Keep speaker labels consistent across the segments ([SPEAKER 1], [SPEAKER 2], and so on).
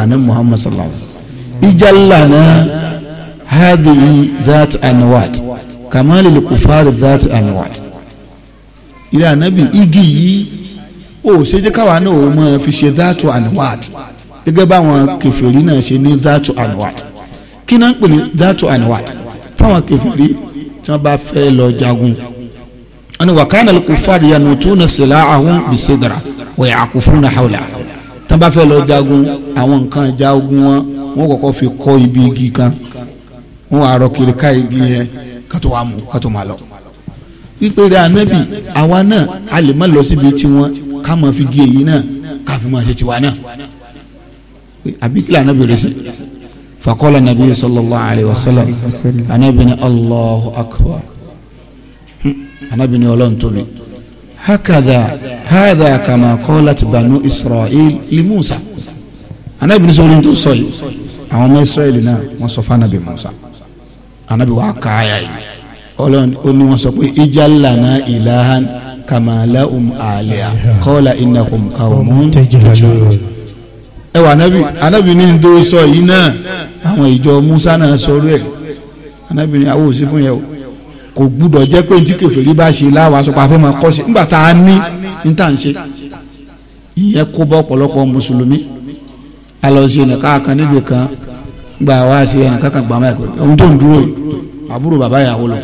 [SPEAKER 1] ana muhammad sallallahu alaihi wasallam ijallana hadhihi that and what kama lil kufari that and what ila nabi igi yìí ó ṣe jẹ́ káwa náà ó máa fi ṣe that and what gẹ́gẹ́ báwọn kèfèrí náà ṣe ní that and what kí náà ń pè ní that and what fáwọn kèfèrí tí wọ́n bá fẹ́ lọ jagun wọn ni wàkánà lil kufari yanutuna sila'ahum bisidra wa ya'kufuna hawla wọ́n bá fẹ́ lọ jagun àwọn nǹkan ìjà ogun wọn wọ́n kọ́kọ́ fi kọ́ ibi igi kan wọ́n wá rọ kiri ká igi yẹn kátó wàá mú kátó máa lọ. wípé rẹ anabi àwa náà a lè má lọ síbi tiwọn ká máa fi gé èyí náà ká fi máa ṣe tiwa náà. àbí kí lànà bèrè sí. fakọ́lá nàbí sallallahu alayhi wa anabi ni allahu akbar anabi ni ọlọ́run tóbi hakada hada kama qalat banu israel li musa anabi ní sọ́rin tó sọ yìí àwọn ọmọ israel náà wọ́n sọ fún anabi musa anabi wàá kà á yà yìí ọlọ́run ó ní wọ́n sọ pé ijal lana ilahan kama lahum aliya qala innakum qawmun tajhalun ẹ wà anabi anabi ní tó sọ yìí náà àwọn ìjọ musa náà sọ rẹ̀ anabi ní awòsí fún yẹ o kò gbúdọ̀ jẹ́ pé ntí kèfèrí bá ṣe láwa sọ pé a fẹ́ máa kọ́ ṣe nígbà tá a ní ní tá à ń ṣe ìyẹn kó bọ́ ọ̀pọ̀lọpọ̀ mùsùlùmí a lọ ṣe ẹnìkan kan níbi kan gba àwa ṣe ẹnìkan kan gbà máa pè ohun tó ń dúró àbúrò bàbá ìyàwó lọ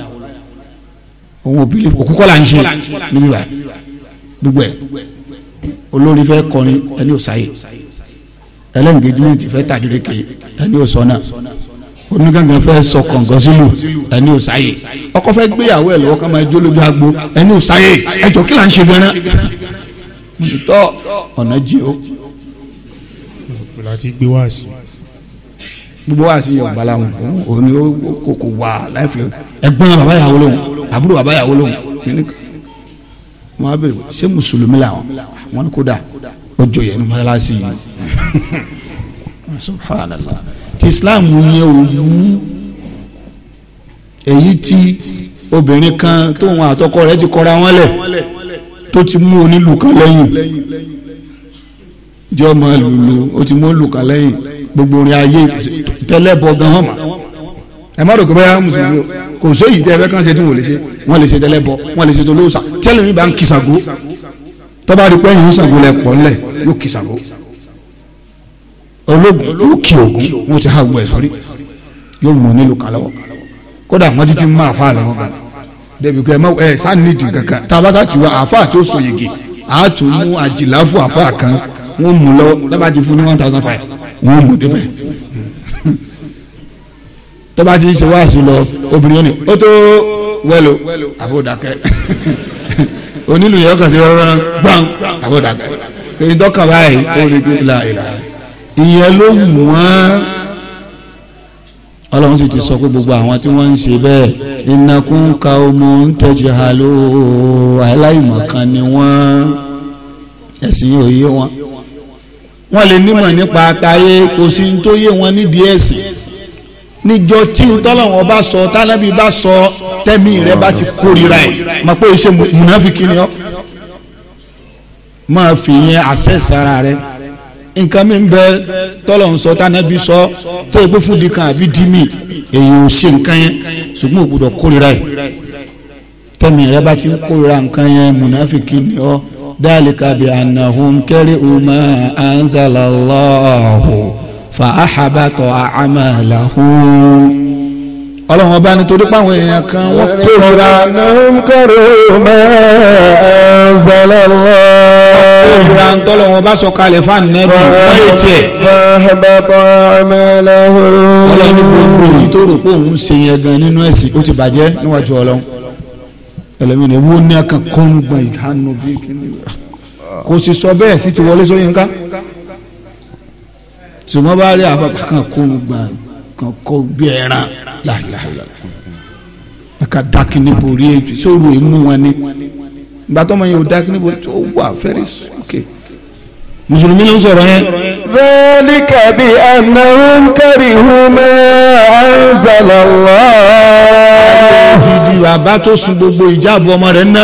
[SPEAKER 1] òun ò bìlì òkú kọ́ là ń ṣe níbi bá gbogbo ẹ̀ olórí fẹ́ kọrin ẹni ò sáyè ẹlẹ́ngẹ́jìmẹ̀ntì fẹ́ tàdíreke ẹni ò sọ náà onígangan fẹ́ sọ kọ̀ǹgàn sílù ẹni ò sáyè ọkọ fẹ́ gbéyàwó ẹ̀ lọ́wọ́ ká máa jó lójú agbo ẹni ò sáyè ẹjọ́ kí là ń ṣe gan-an tọ́ ọ̀nà jí o.
[SPEAKER 2] láti gbé wá sí.
[SPEAKER 1] gbogbo wá sí ọgbà làwọn òun ni ó kókó wá láìpẹ́ ẹ̀gbọ́n bàbá ìyàwó lòun àbúrò bàbá ìyàwó lòun wọn á bèrè ṣé mùsùlùmí làwọn wọn o ó joyè ní mọ́tàlásì yìí subhanallah ti islam yẹn ò mú èyí tí obìnrin kan tóun àtọkọ rẹ̀ ti kọra wọn lẹ̀ tó ti mú onílù kan lẹ́yìn ọmọ lulu ó ti mú olùkà lẹ́yìn gbogbo orin ayé tẹ́lẹ̀ bọ gan hàn mà ẹ má rò pé báyà mùsùlùmí kò sóyìí tẹ́ ẹ fẹ́ kàn ṣe tí wọ́n lè ṣe wọ́n lè ṣe tẹ́lẹ̀ bọ wọ́n lè ṣe tó lóòsà tẹ́lẹ̀ mi bá ń kìsàgó tọ́ba rí pẹ́yìn ń sàgó lẹ̀ pọ̀ yóò kìsàgó. ológun òkè ògún wọn ti ha gbọ ẹ sórí yóò mú nílùú kódà wọn ti ti mú àfa lọ́wọ́ gan débi ẹ kankan tabata ti wá àfa tó sọ yege àtún mú àjìlá fún àfa kan wọn mú dábàá ti fún ní one thousand five wọn mú ti ṣe lọ obìnrin ni ó tó onílù rárá èyí báyìí ó rí kí n ìlànà. ìyẹn ló mú wọn ọlọ́run sì ti sọ pé gbogbo àwọn tí wọ́n ń ṣe bẹ́ẹ̀ ìnàkún ka ọmọ ń tẹ̀jú halo aláìmọ̀kan ni wọ́n ẹ̀sìn òye wọn wọ́n lè nímọ̀ nípa àtayé kò sí tó yé wọn nídìí ẹ̀sìn níjọ tí tọ́lọ́wọ́n bá sọ tálábì bá sọ tẹ́mi rẹ bá ti kórira ẹ̀ mọ̀ pé iṣẹ́ múnáfíkì ni ọ́ máa fi yẹn àṣẹ sára rẹ̀ nǹkan mi ń bẹ tọ́lọ̀ ń sọ tánàbí sọ tó o pé fúdi kan àbí di mi èyí ò ṣe nǹkan yẹn ṣùgbọ́n o gbọ́dọ̀ kórira ẹ̀ tẹ̀mí rẹ bá ti ń kórira nǹkan yẹn mùnàfíkì ni ọ́ dhalika bi annahum karihu ma anzalallahu fa ahabata a'malahum ọlọ́run ọba nítorí páwọn èèyàn kan wọ́n kórira. ìnáwó kọ́rọ̀ máa ń zọlọ́ lọ. kórira ń tọ́lọ̀ wọn bá sọ kalẹ̀ fáànù nẹ́bí wáyé tiẹ̀. bàbá ọmọ ẹlẹ́hùn. ọlọ́run gbogbo èyí tó rò pé òun ń ṣe yẹn gan nínú ẹ̀sìn ó ti bàjẹ́ níwájú ọlọ́run. ẹlẹ́mìn ni wọ́n ní akàn kọ́ńgbọ̀n ìdáná bí kò sì sọ bẹ́ẹ̀ sí ti wọlé sóyínká. ṣùgbọ́n bá rí àpapọ̀ kan kọ́ńgbọ̀n kan kọ́ bí ẹran láìláìlá ká dákínní borí èjì sóru èmú wọn ni ìgbà tó mọ̀ yẹn ò dákínní borí tó wà fẹ́rẹ́ sókè. mùsùlùmí ló ń sọ̀rọ̀ yẹn. dhalika bi annahum karihu ma anzala Allah. ìdí tó sun gbogbo ìjáàbọ̀ ọmọ rẹ̀ ná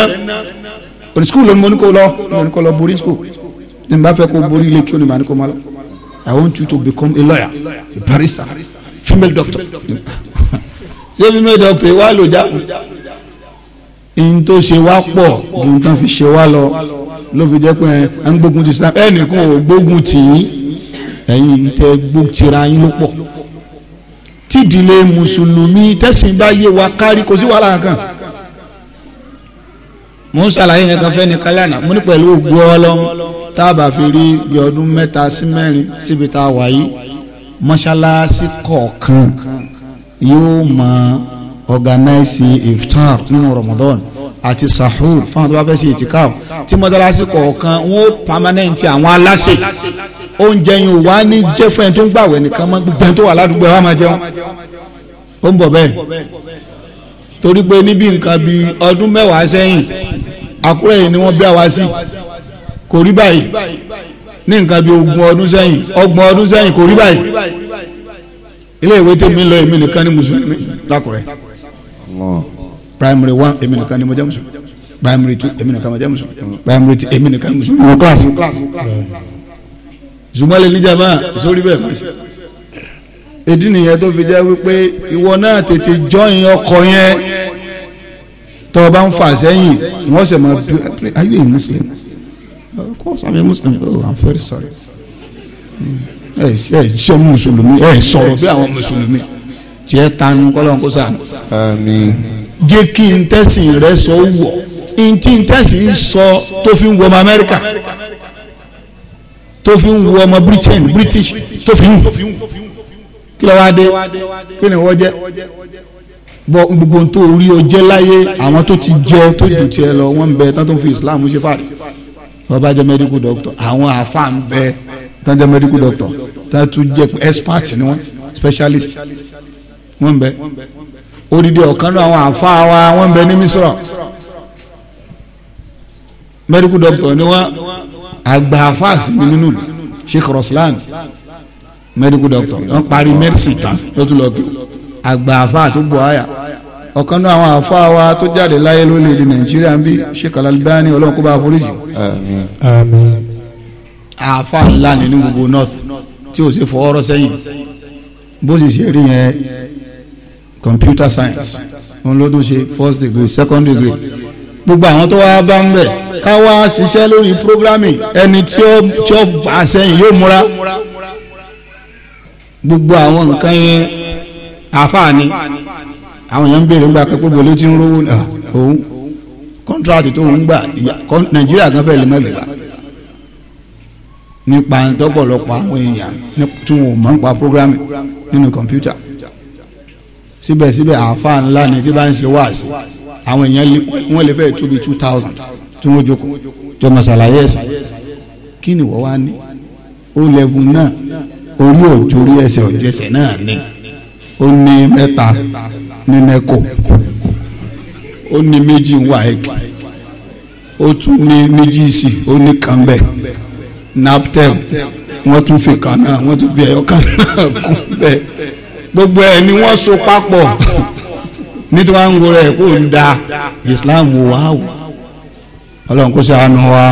[SPEAKER 1] òní skul ló ń mọ́ni lọ mọ́ni lọ borí skul tí n bá fẹ́ kó borí ilé kí ó ní màá ní lọ. I want you to become a lawyer, a barrister female doctor ṣé female doctor wà ló jáde ihun tó ṣe wá pọ̀ ohun tó fi ṣe wá lọ ló fi jẹ́ pé ẹ ń gbógun ti Islam ẹnìkan ò gbógun tì í ẹ̀yin tẹ gbó tira yín ló pọ̀ tídìlé mùsùlùmí tẹ̀sìn bá yé wa kárí kò sí wàhálà kan mo ń ṣàlàyé yẹn kan fẹ́ ní kálánà mo ní pẹ̀lú ògbó ọlọ́run tá a bá fi rí bí ọdún mẹ́ta sí mẹ́rin síbi tá a wà yìí mọ́ṣáláṣí kọ̀ọ̀kan yóò máa ọ̀gánáìsì iftar nínú Ramadan àti sahur fáwọn tó bá fẹ́ ṣe ìtìkáf tí mọ́ṣáláṣí kọ̀ọ̀kan wọ́n pàmánẹ́ǹtì àwọn aláṣẹ oúnjẹ yìí wà ní jẹ́ fún ẹni tó ń gbàwẹ̀ nìkan mọ́ gbogbo ẹni tó wà ládùúgbò ẹ̀ wá máa jẹun ó ń bọ̀ bẹ́ẹ̀ torí pé níbi nǹkan bíi ọdún mẹ́wàá sẹ́yìn Àkúrẹ́ ni wọ́n bí àwa sí kò rí báyìí ní nǹkan bíi ogún ọdún sẹ́yìn ọgbọ̀n ọdún sẹ́yìn kò rí báyìí ilé ìwé tèmi lọ èmi nìkan ní mùsùlùmí lákùrẹ́ primary one èmi nìkan ní mo jẹ́ mùsùlùmí primary two èmi nìkan mo jẹ́ mùsùlùmí primary three èmi nìkan mùsùlùmí mo kíláàsì. zumale níjàmbá sórí bẹ́ẹ̀ pàṣẹ ìdí nìyẹn tó fi jẹ́ wípé ìwọ náà tètè jọyìn ọkọ̀ yẹn tó o bá ń fà sẹ́yìn wọ́n sì máa bí are you a muslim? of course i'm a muslim oh i'm very sorry ẹ ẹ ṣe mùsùlùmí ẹ sọ̀rọ̀ bí àwọn mùsùlùmí tiẹ̀ tanu kọ́lọ́n kó sànù. àmín. jẹ́ kí n tẹ̀sìn rẹ sọ wọ̀ n tí n tẹ̀sìn sọ tó fi ń wọ ọmọ amẹ́ríkà tó fi ń wọ ọmọ britain british tó fi ń wọ kí ló wá dé kí ni wọ́n jẹ́ bọ gbogbo ohun tó rí ọ jẹ́ láyé àwọn tó ti jẹ tó dùn tiẹ̀ lọ wọ́n ń bẹ tó ń fi islam ṣe fàárí wọ́n bá jẹ́ medical doctor àwọn àáfàá ń bẹ tán jẹ́ medical doctor tán tún jẹ́ expert ni wọ́n specialist wọ́n ń bẹ odidi ọ̀kan náà àwọn àáfàá wa wọ́n bẹ ní misra medical doctor ni wọ́n àgbà àáfàá sí ni nínú sheikh roslan medical doctor wọ́n parí medicine tán ló àgbà àáfàá tó gbọ́ àyà ọ̀kan náà àwọn àfa wa tó jáde láyé lórílẹ̀‐èdè nàìjíríà ń bí Sheikh al ọlọ́run kó bá foríjì.
[SPEAKER 2] àfa ńlá ni ní gbogbo north tí ò sì fọwọ́rọ́ sẹ́yìn bó sì ṣe rí yẹn computer science
[SPEAKER 1] wọn ló tún ṣe first degree second degree gbogbo àwọn tó wá bá ń bẹ̀ ká wá ṣiṣẹ́ lórí programming ẹni tí ó tí ó bá sẹ́yìn yóò múra gbogbo àwọn nǹkan yẹn àfa ni àwọn èèyàn ń béèrè ńgbà pé gbogbo ló ti ń rówó náà òun kọ́ńtrátì tó ń gbà nàìjíríà kan fẹ́ẹ́ lè má lè gbà nípa tọ́pọ̀lọpọ̀ àwọn èèyàn tí wọn ò mọ̀ nípa programme nínú kọ̀mpútà síbẹ̀síbẹ̀ àáfàá ńlá ni tí bá ń ṣe wáàsí àwọn èèyàn wọ́n lè fẹ́ẹ́ tóbi two thousand tí wọ́n jókòó tó mọ̀ ṣàlàyé ẹ̀sìn kí ni wọ́n wá ní ó lẹ́gùn náà
[SPEAKER 2] orí òjò orí ẹsẹ̀ òjò ẹsẹ̀ náà ní
[SPEAKER 1] ó ní mẹ́ta ní neco ó ní méjì waec ó tún ní méjì sí ó ní kàmbẹ naptel wọ́n tún fi kàn náà wọ́n tún fi ẹyọkà náà kún bẹ́ẹ̀ gbogbo ẹ̀ ni wọ́n so papọ̀ nítorí wọ́n ń wo rẹ̀ kó ń da islam wò wá wò Ọlọ́run kó ṣàánú wa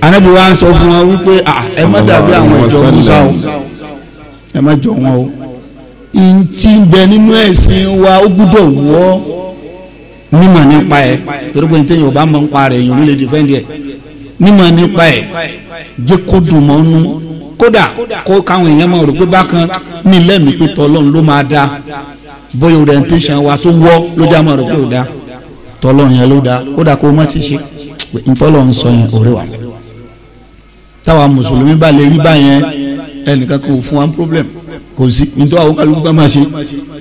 [SPEAKER 1] anabi wa ń sọ fún wa wípé ẹ má dàbí àwọn ìjọ musa o ẹ má jọ wọn o ntí bẹ nínú ẹ̀sìn wa ó gbúdọ̀ wọ́ mímọ̀ nípa ẹ̀ torí pé ntẹ́yìn ọba mọ̀ nípa rẹ̀ èèyàn lè dìfẹ́ǹdì ẹ̀ mímọ̀ nípa ẹ̀ jẹ́ kó dùn mọ́ nú kódà kó káwọn èèyàn máa rò pé bákan ní lẹ́mìí pé tọ́lọ́n ló máa da bóyá orientation wa tó wọ́ ló já mọ́ rẹ̀ tó da tọ́lọ́n yẹn ló da kódà kó má ti ṣe ntọ́lọ́n sọ yẹn òré wa táwa mùsùlùmí bá lè rí báyẹn ẹnìkan kò fún wa problem kò sí nítorí àwọn kálukú ká máa ṣe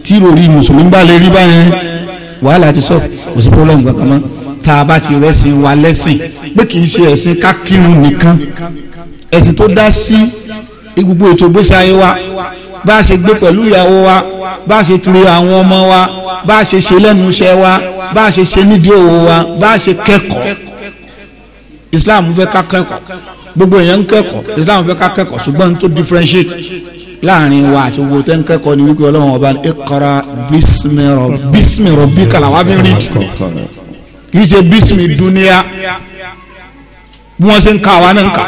[SPEAKER 1] tí rori mùsùlùmí bá lè rí báyẹn wàhálà ti sọ kò sí pọ́lọ́mù kankan mọ́ tá a bá ti rẹ́sìn wa lẹ́sìn pé kì í ṣe ẹ̀sìn kákírun nìkan ẹ̀sìn tó dá sí gbogbo ètò ìgbésí ayé wa bá a ṣe gbé pẹ̀lú ìyàwó wa bá a ṣe ture àwọn ọmọ wa bá a ṣe ṣe lẹ́nu iṣẹ́ wa bá a ṣe ṣe nídìí òwò wa bá a ṣe kẹ́kọ̀ọ́ Islam fẹ́ ká kẹ́kọ̀ọ́ gbogbo èèyàn ń kẹ́kọ̀ọ́ Islam fẹ́ ká kẹ́kọ̀ọ́ ṣùgbọ́n tó differentiate láàrin wa àti owó tẹ́ ń kẹ́kọ̀ọ́ ni wípé ọlọ́run ọba ìkọ́ra bísmìrọ̀ bísmìrọ̀ bí kàlàwá fi rí kì í ṣe bísmì dúníà bí wọ́n ṣe ń ka àwa náà ń ka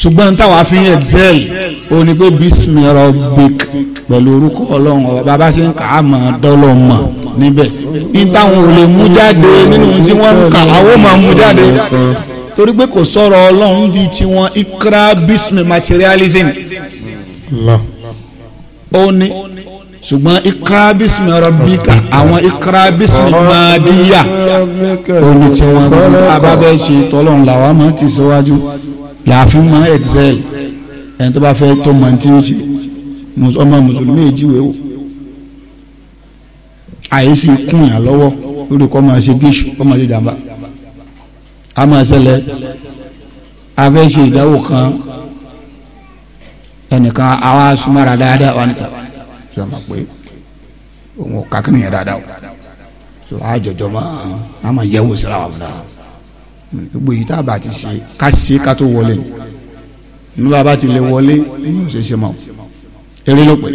[SPEAKER 1] ṣùgbọ́n táwa fi ń excel ó ní pé bísmì rọ̀bìk pẹ̀lú orúkọ ọlọ́run ọba bàbá ṣe ń kà á mọ̀ dọ́lọ̀ mọ̀ níbẹ̀ ní táwọn ò lè mú jáde nínú tí wọ́n ń kà àwọn ò máa mú jáde torí pé kò sọ̀rọ̀ ọlọ́run di tiwọn ikra bísmì materialism ó ní ṣùgbọ́n ikra bismi rabbika àwọn ikra bismi madiya omi tí wọ́n mú abábẹ́ ṣe tọ́lọ́n làwọn máa ti síwájú làáfin máa excel ẹni tó bá fẹ́ tó máa ti ń ṣe ọmọ mùsùlùmí ìjíwèé o àyèsí kùn yàn lọ́wọ́ lórí kọ́ máa ṣe gíṣù kọ́ máa ṣe jàmbá a máa ṣẹlẹ̀
[SPEAKER 2] a fẹ́ ṣe ìdáwò kan
[SPEAKER 1] ẹnìkan àwa sumara dáadáa wà níta sọ ma pé òun ò ká kíni yẹn dáadáa o sọ àjọjọ ma a ma yẹ wo sira wà fúnra gbogbo yìí tá a bá ti ṣe ká ṣe ká tó wọlé ní bàbá ti lè wọlé ní yóò ṣe ṣe mọ eré ló pè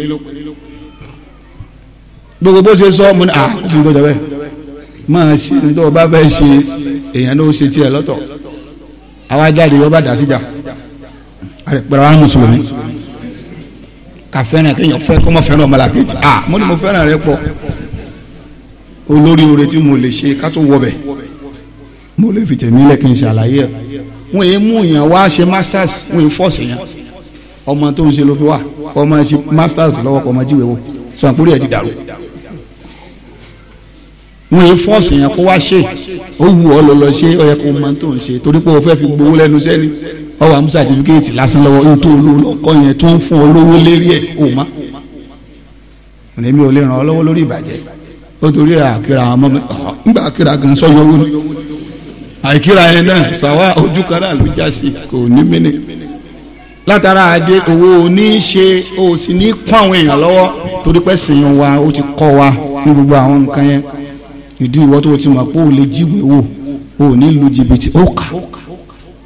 [SPEAKER 1] gbogbo bó ṣe sọ mo ní à ó ti ń dọjọ bẹ́ẹ̀ máa ṣe ní tó o bá fẹ́ ṣe èèyàn ló ṣe tiẹ̀ lọ́tọ̀ àwa jáde yọba dà síjà àrẹ mùsùlùmí ká fẹ́ràn kéèyàn fẹ́ kó mọ̀ fẹ́ràn ọmọlàkejì ah mo ní mo fẹ́ràn rẹ pọ̀ olórí oore tí mo lè ṣe ká tó wọbẹ̀ mo lè fi tèmi lẹ̀ kí n ṣàlàyé ẹ̀ wọ́n yẹn mú yàn wá ṣe masters wọ́n yẹn fọ́ọ̀sì yàn ọmọ tó ń ṣe ló fi wà ọmọ ṣe masters lọ́wọ́ ọmọ jíwèé wò sọ àpòrí ẹ̀ ti dàrú wọn yìí fọ́ọ̀sì yẹn kó wá ṣe ó wù ọ́ lọ́lọ́ ṣe ó yẹ kó mọ tó ń ṣe torí pé o fẹ́ fi gbowó lẹ́nu sẹ́ni ọwọ́ àmú sàtífíkẹ́ẹ̀tì lásán lọ́wọ́ ohun tó olówó lọ́kọ́ yẹn tó ń fún ọ lówó lérí ẹ̀ ò má. èmi ò lè ràn ọ́ lọ́wọ́ lórí ìbàjẹ́ ó torí àkírà àwọn ọmọ mi ńgbà àkírà gan sọ yọwó ni àìkírà yẹn náà sàwa ojú kara ló já sí kò ní mí látara adé owó ní ṣe o sì ní kọ́ àwọn èèyàn lọ́wọ́ torí pé sìn wa ó ti kọ́ wa ní gbogbo àwọn nǹkan yẹn ìdí ìwọ tó ti mọ̀ pé ò lè jíwèé wò ò ní lu jìbìtì ó kà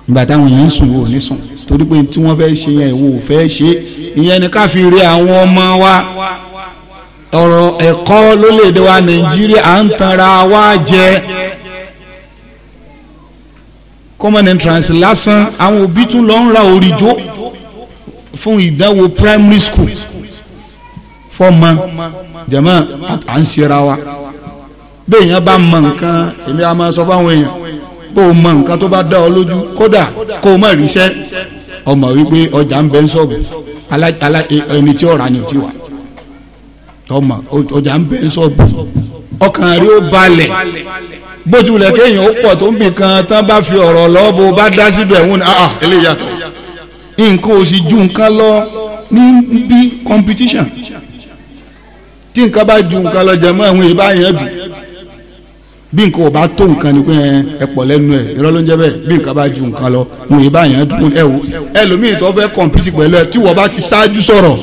[SPEAKER 1] nígbà táwọn èèyàn ń sùn wò ní sùn torí pé tí wọ́n fẹ́ ṣe yẹn ìwò ò fẹ́ ṣe ìyẹn ni ká fi rí àwọn ọmọ wa ọ̀rọ̀ ẹ̀kọ́ lólèdè wa nàìjíríà à ń tanra wa jẹ common entrance lásán àwọn òbí tún lọ ń ra òrìjó fún ìdánwò primary school fọmọ jama à ń ṣera wa béèyàn bá mọ nǹkan èmi a máa sọ fáwọn èèyàn bó o mọ nǹkan tó bá dá ọ lójú kódà kó o mọ̀ ríṣẹ́ ọmọ wípé ọjà ń bẹ ń sọ̀bù ẹni tí ọ̀rà ni ò ti wà tọmọ ọjà ń bẹ ń sọ̀bù ọkàn rí ó balẹ̀ bójúlẹ̀ kéèyàn ó pọ̀ tó ń bì kan tán bá fi ọ̀rọ̀ lọ bó bá dá síbẹ̀ wọn ah, ah eléyìí yàtọ̀ nǹkan ò sì ju nǹkan lọ ní bí competition tí nǹkan bá ju nǹkan lọ jẹ mọ́ àwọn ìbáyẹn bì bí nǹkan ò bá tó nǹkan ni pé ẹ pọ̀ lẹ́nu ẹ̀ irọ́ ló ń jẹ́ bẹ́ẹ̀ bí nǹkan bá ju nǹkan lọ wọn ì bá yàn án dùn ẹ wò ẹlòmíì tó fẹ́ kọ̀mpìtì pẹ̀lú ẹ tí wọ́n bá ti ṣáájú sọ̀rọ̀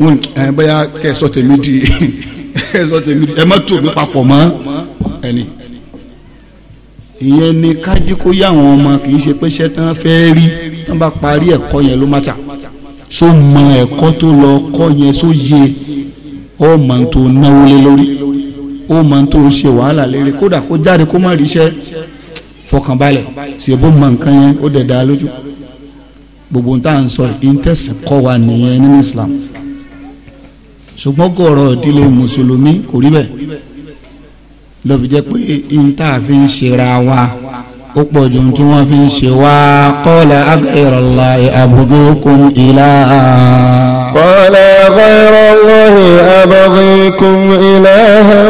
[SPEAKER 1] wọn ẹ bóyá kẹsọ tèmi di kẹsọ tèmi di ẹ má tó mi papọ̀ mọ́ ẹni. ìyẹn ni kájí kó yá àwọn ọmọ kì í ṣe pé iṣẹ́ tán fẹ́ rí tán bá parí ẹ̀kọ́ yẹn ló má ta so mọ ẹ̀kọ́ tó lọ kọ́ yẹn so yẹ ọ́ mọ̀ tó ó mọ tó ṣe wàhálà lérí kódà kó jáde kó má ríṣẹ́ fọkànbalẹ̀ ṣèbó mọ nǹkan yẹn ó dẹ̀ da lójú gbogbo n ta n sọ ìtẹ̀sìn kọ́ wa nìyẹn nínú Islam ṣùgbọ́n gọ̀ọ̀rọ̀ ìdílé mùsùlùmí kò rí bẹ́ẹ̀ lọ́bi jẹ́ pé n ta fi ń ṣera wa ó pọ̀ ju tí wọ́n fi ń ṣe wá qala aghayra Allahi abghukum ilaha.
[SPEAKER 2] qala. أفغير الله أبغيكم إلها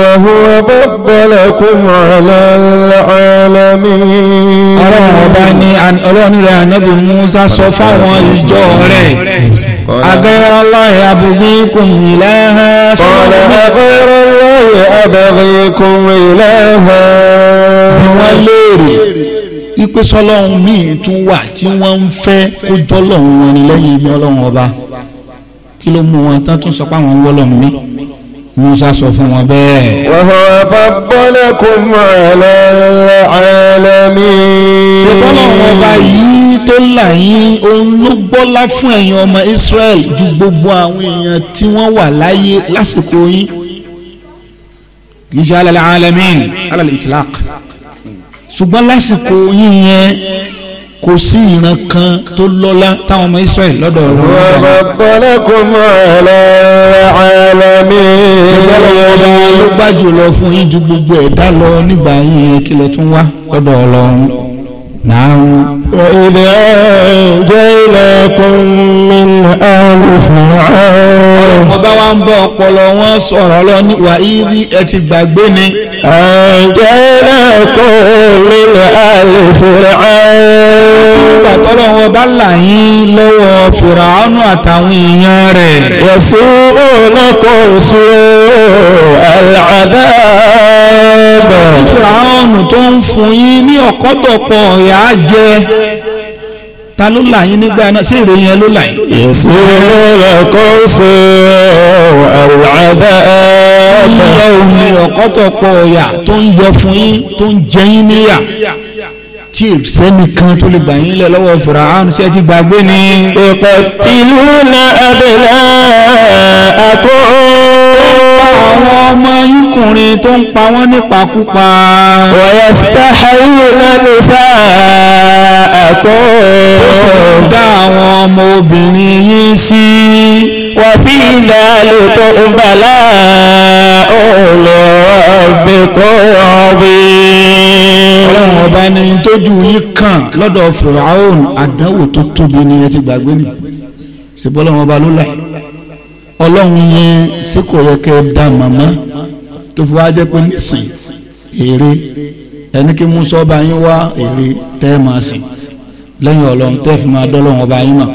[SPEAKER 2] وهو فضلكم على العالمين
[SPEAKER 1] ọlọ́ọ̀bá ni ọlọ́ọ̀nìrẹ́ ànábì Musa sọ fáwọn ìjọ rẹ̀ أغير الله أبغيكم إلها قال أغير الله أبغيكم إلها wọ́n léèrè wípé sọ́lọ́run míì tún wà tí wọ́n ń fẹ́ kó jọ́lọ́run wọn ni lẹ́yìn ibi ọlọ́run ọba kí ló mú wọn tán tún sọ pé àwọn ń wọ́lọ̀ mí musa sọ fún wọn bẹ́ẹ̀. wàhùn afábọ́lẹ́kùn àlẹ́ àlẹ́ mi. ṣé bọ́lá wọn bá yí tó là yín òun ló gbọ́lá fún ẹ̀yin ọmọ Israel ju gbogbo àwọn èèyàn tí wọ́n wà láyé lásìkò yín kì í ṣe alẹ́ alamin alẹ́ itlaq ṣùgbọ́n lásìkò yín yẹn kò sí ìran kan tó lọ́lá táwọn ọmọ Israẹli lọ́dọ̀ ọ̀rọ̀ ọ̀rọ̀ ọ̀rọ̀ kò mọ̀ ẹ̀rọ ẹ̀lẹ́mí. ìgbàlọ́wọ́ ló bá jùlọ fún yín ju gbogbo ẹ̀dá lọ nígbà yín kí lè tún wá lọ́dọ̀ Ọlọ́run
[SPEAKER 2] náà.
[SPEAKER 1] وإذ أنجيناكم من آل فرعون ọba wa ń bọ ọpọlọ wọn sọ̀rọ̀ lọ ní wà íyí ẹ ti gbàgbé ni. أنجيناكم من آل فرعون. nígbà tọ́lọ́ wọn bá là yín lọ́wọ́ fìràánù àtàwọn
[SPEAKER 2] èèyàn rẹ̀. يسوءونكم سوء العذاب. fìràánù tó ń fún yín ní ọ̀kọ́dọ̀pọ̀ ìyà
[SPEAKER 1] jẹ ta ló là yín nígbà náà sí ìròyìn ẹ ló là yín. èso lọ́rọ̀ kan ṣe àwàdà ẹ̀ẹ́dẹ̀. ń yọ omi ọ̀kọ́tọ̀pọ̀ ọ̀yà tó ń yọ fún yín tó ń jẹ yín níyà tí sẹ́ni tó lè gbà yín lẹ̀ lọ́wọ́ fìràánù sí ẹ ti gbàgbé ni. ìpè tìlú na abẹ́lá àkó. àwọn ọmọ yín tó ń pa wọ́n nípakúpa. wọ́n yẹ sítáhà yìí sáà
[SPEAKER 2] àkọ́. ó sì ń dá àwọn ọmọ obìnrin yín sí. wọ́n fi ìdá lè tó ń bàlá ọ̀lọ́ ọ̀gbẹ́kọ̀ ọ̀gbìn. ọlọ́run ọba ẹni tójú yín
[SPEAKER 1] kàn lọ́dọ̀ fìràhùn àdánwò tó tóbi ni ẹ ti gbàgbé ni ṣe bọ́lá ọba ló là ọlọ́run yẹn sí kò yẹ kẹ́ ẹ dá màmá tó fi wá jẹ́ pé nísìn èrè ẹni kí musa ọba yín wá èrè tẹ́ ẹ máa sìn lẹ́yìn ọlọ́run tẹ́ fi máa dọ́lọ́run ọba yín mà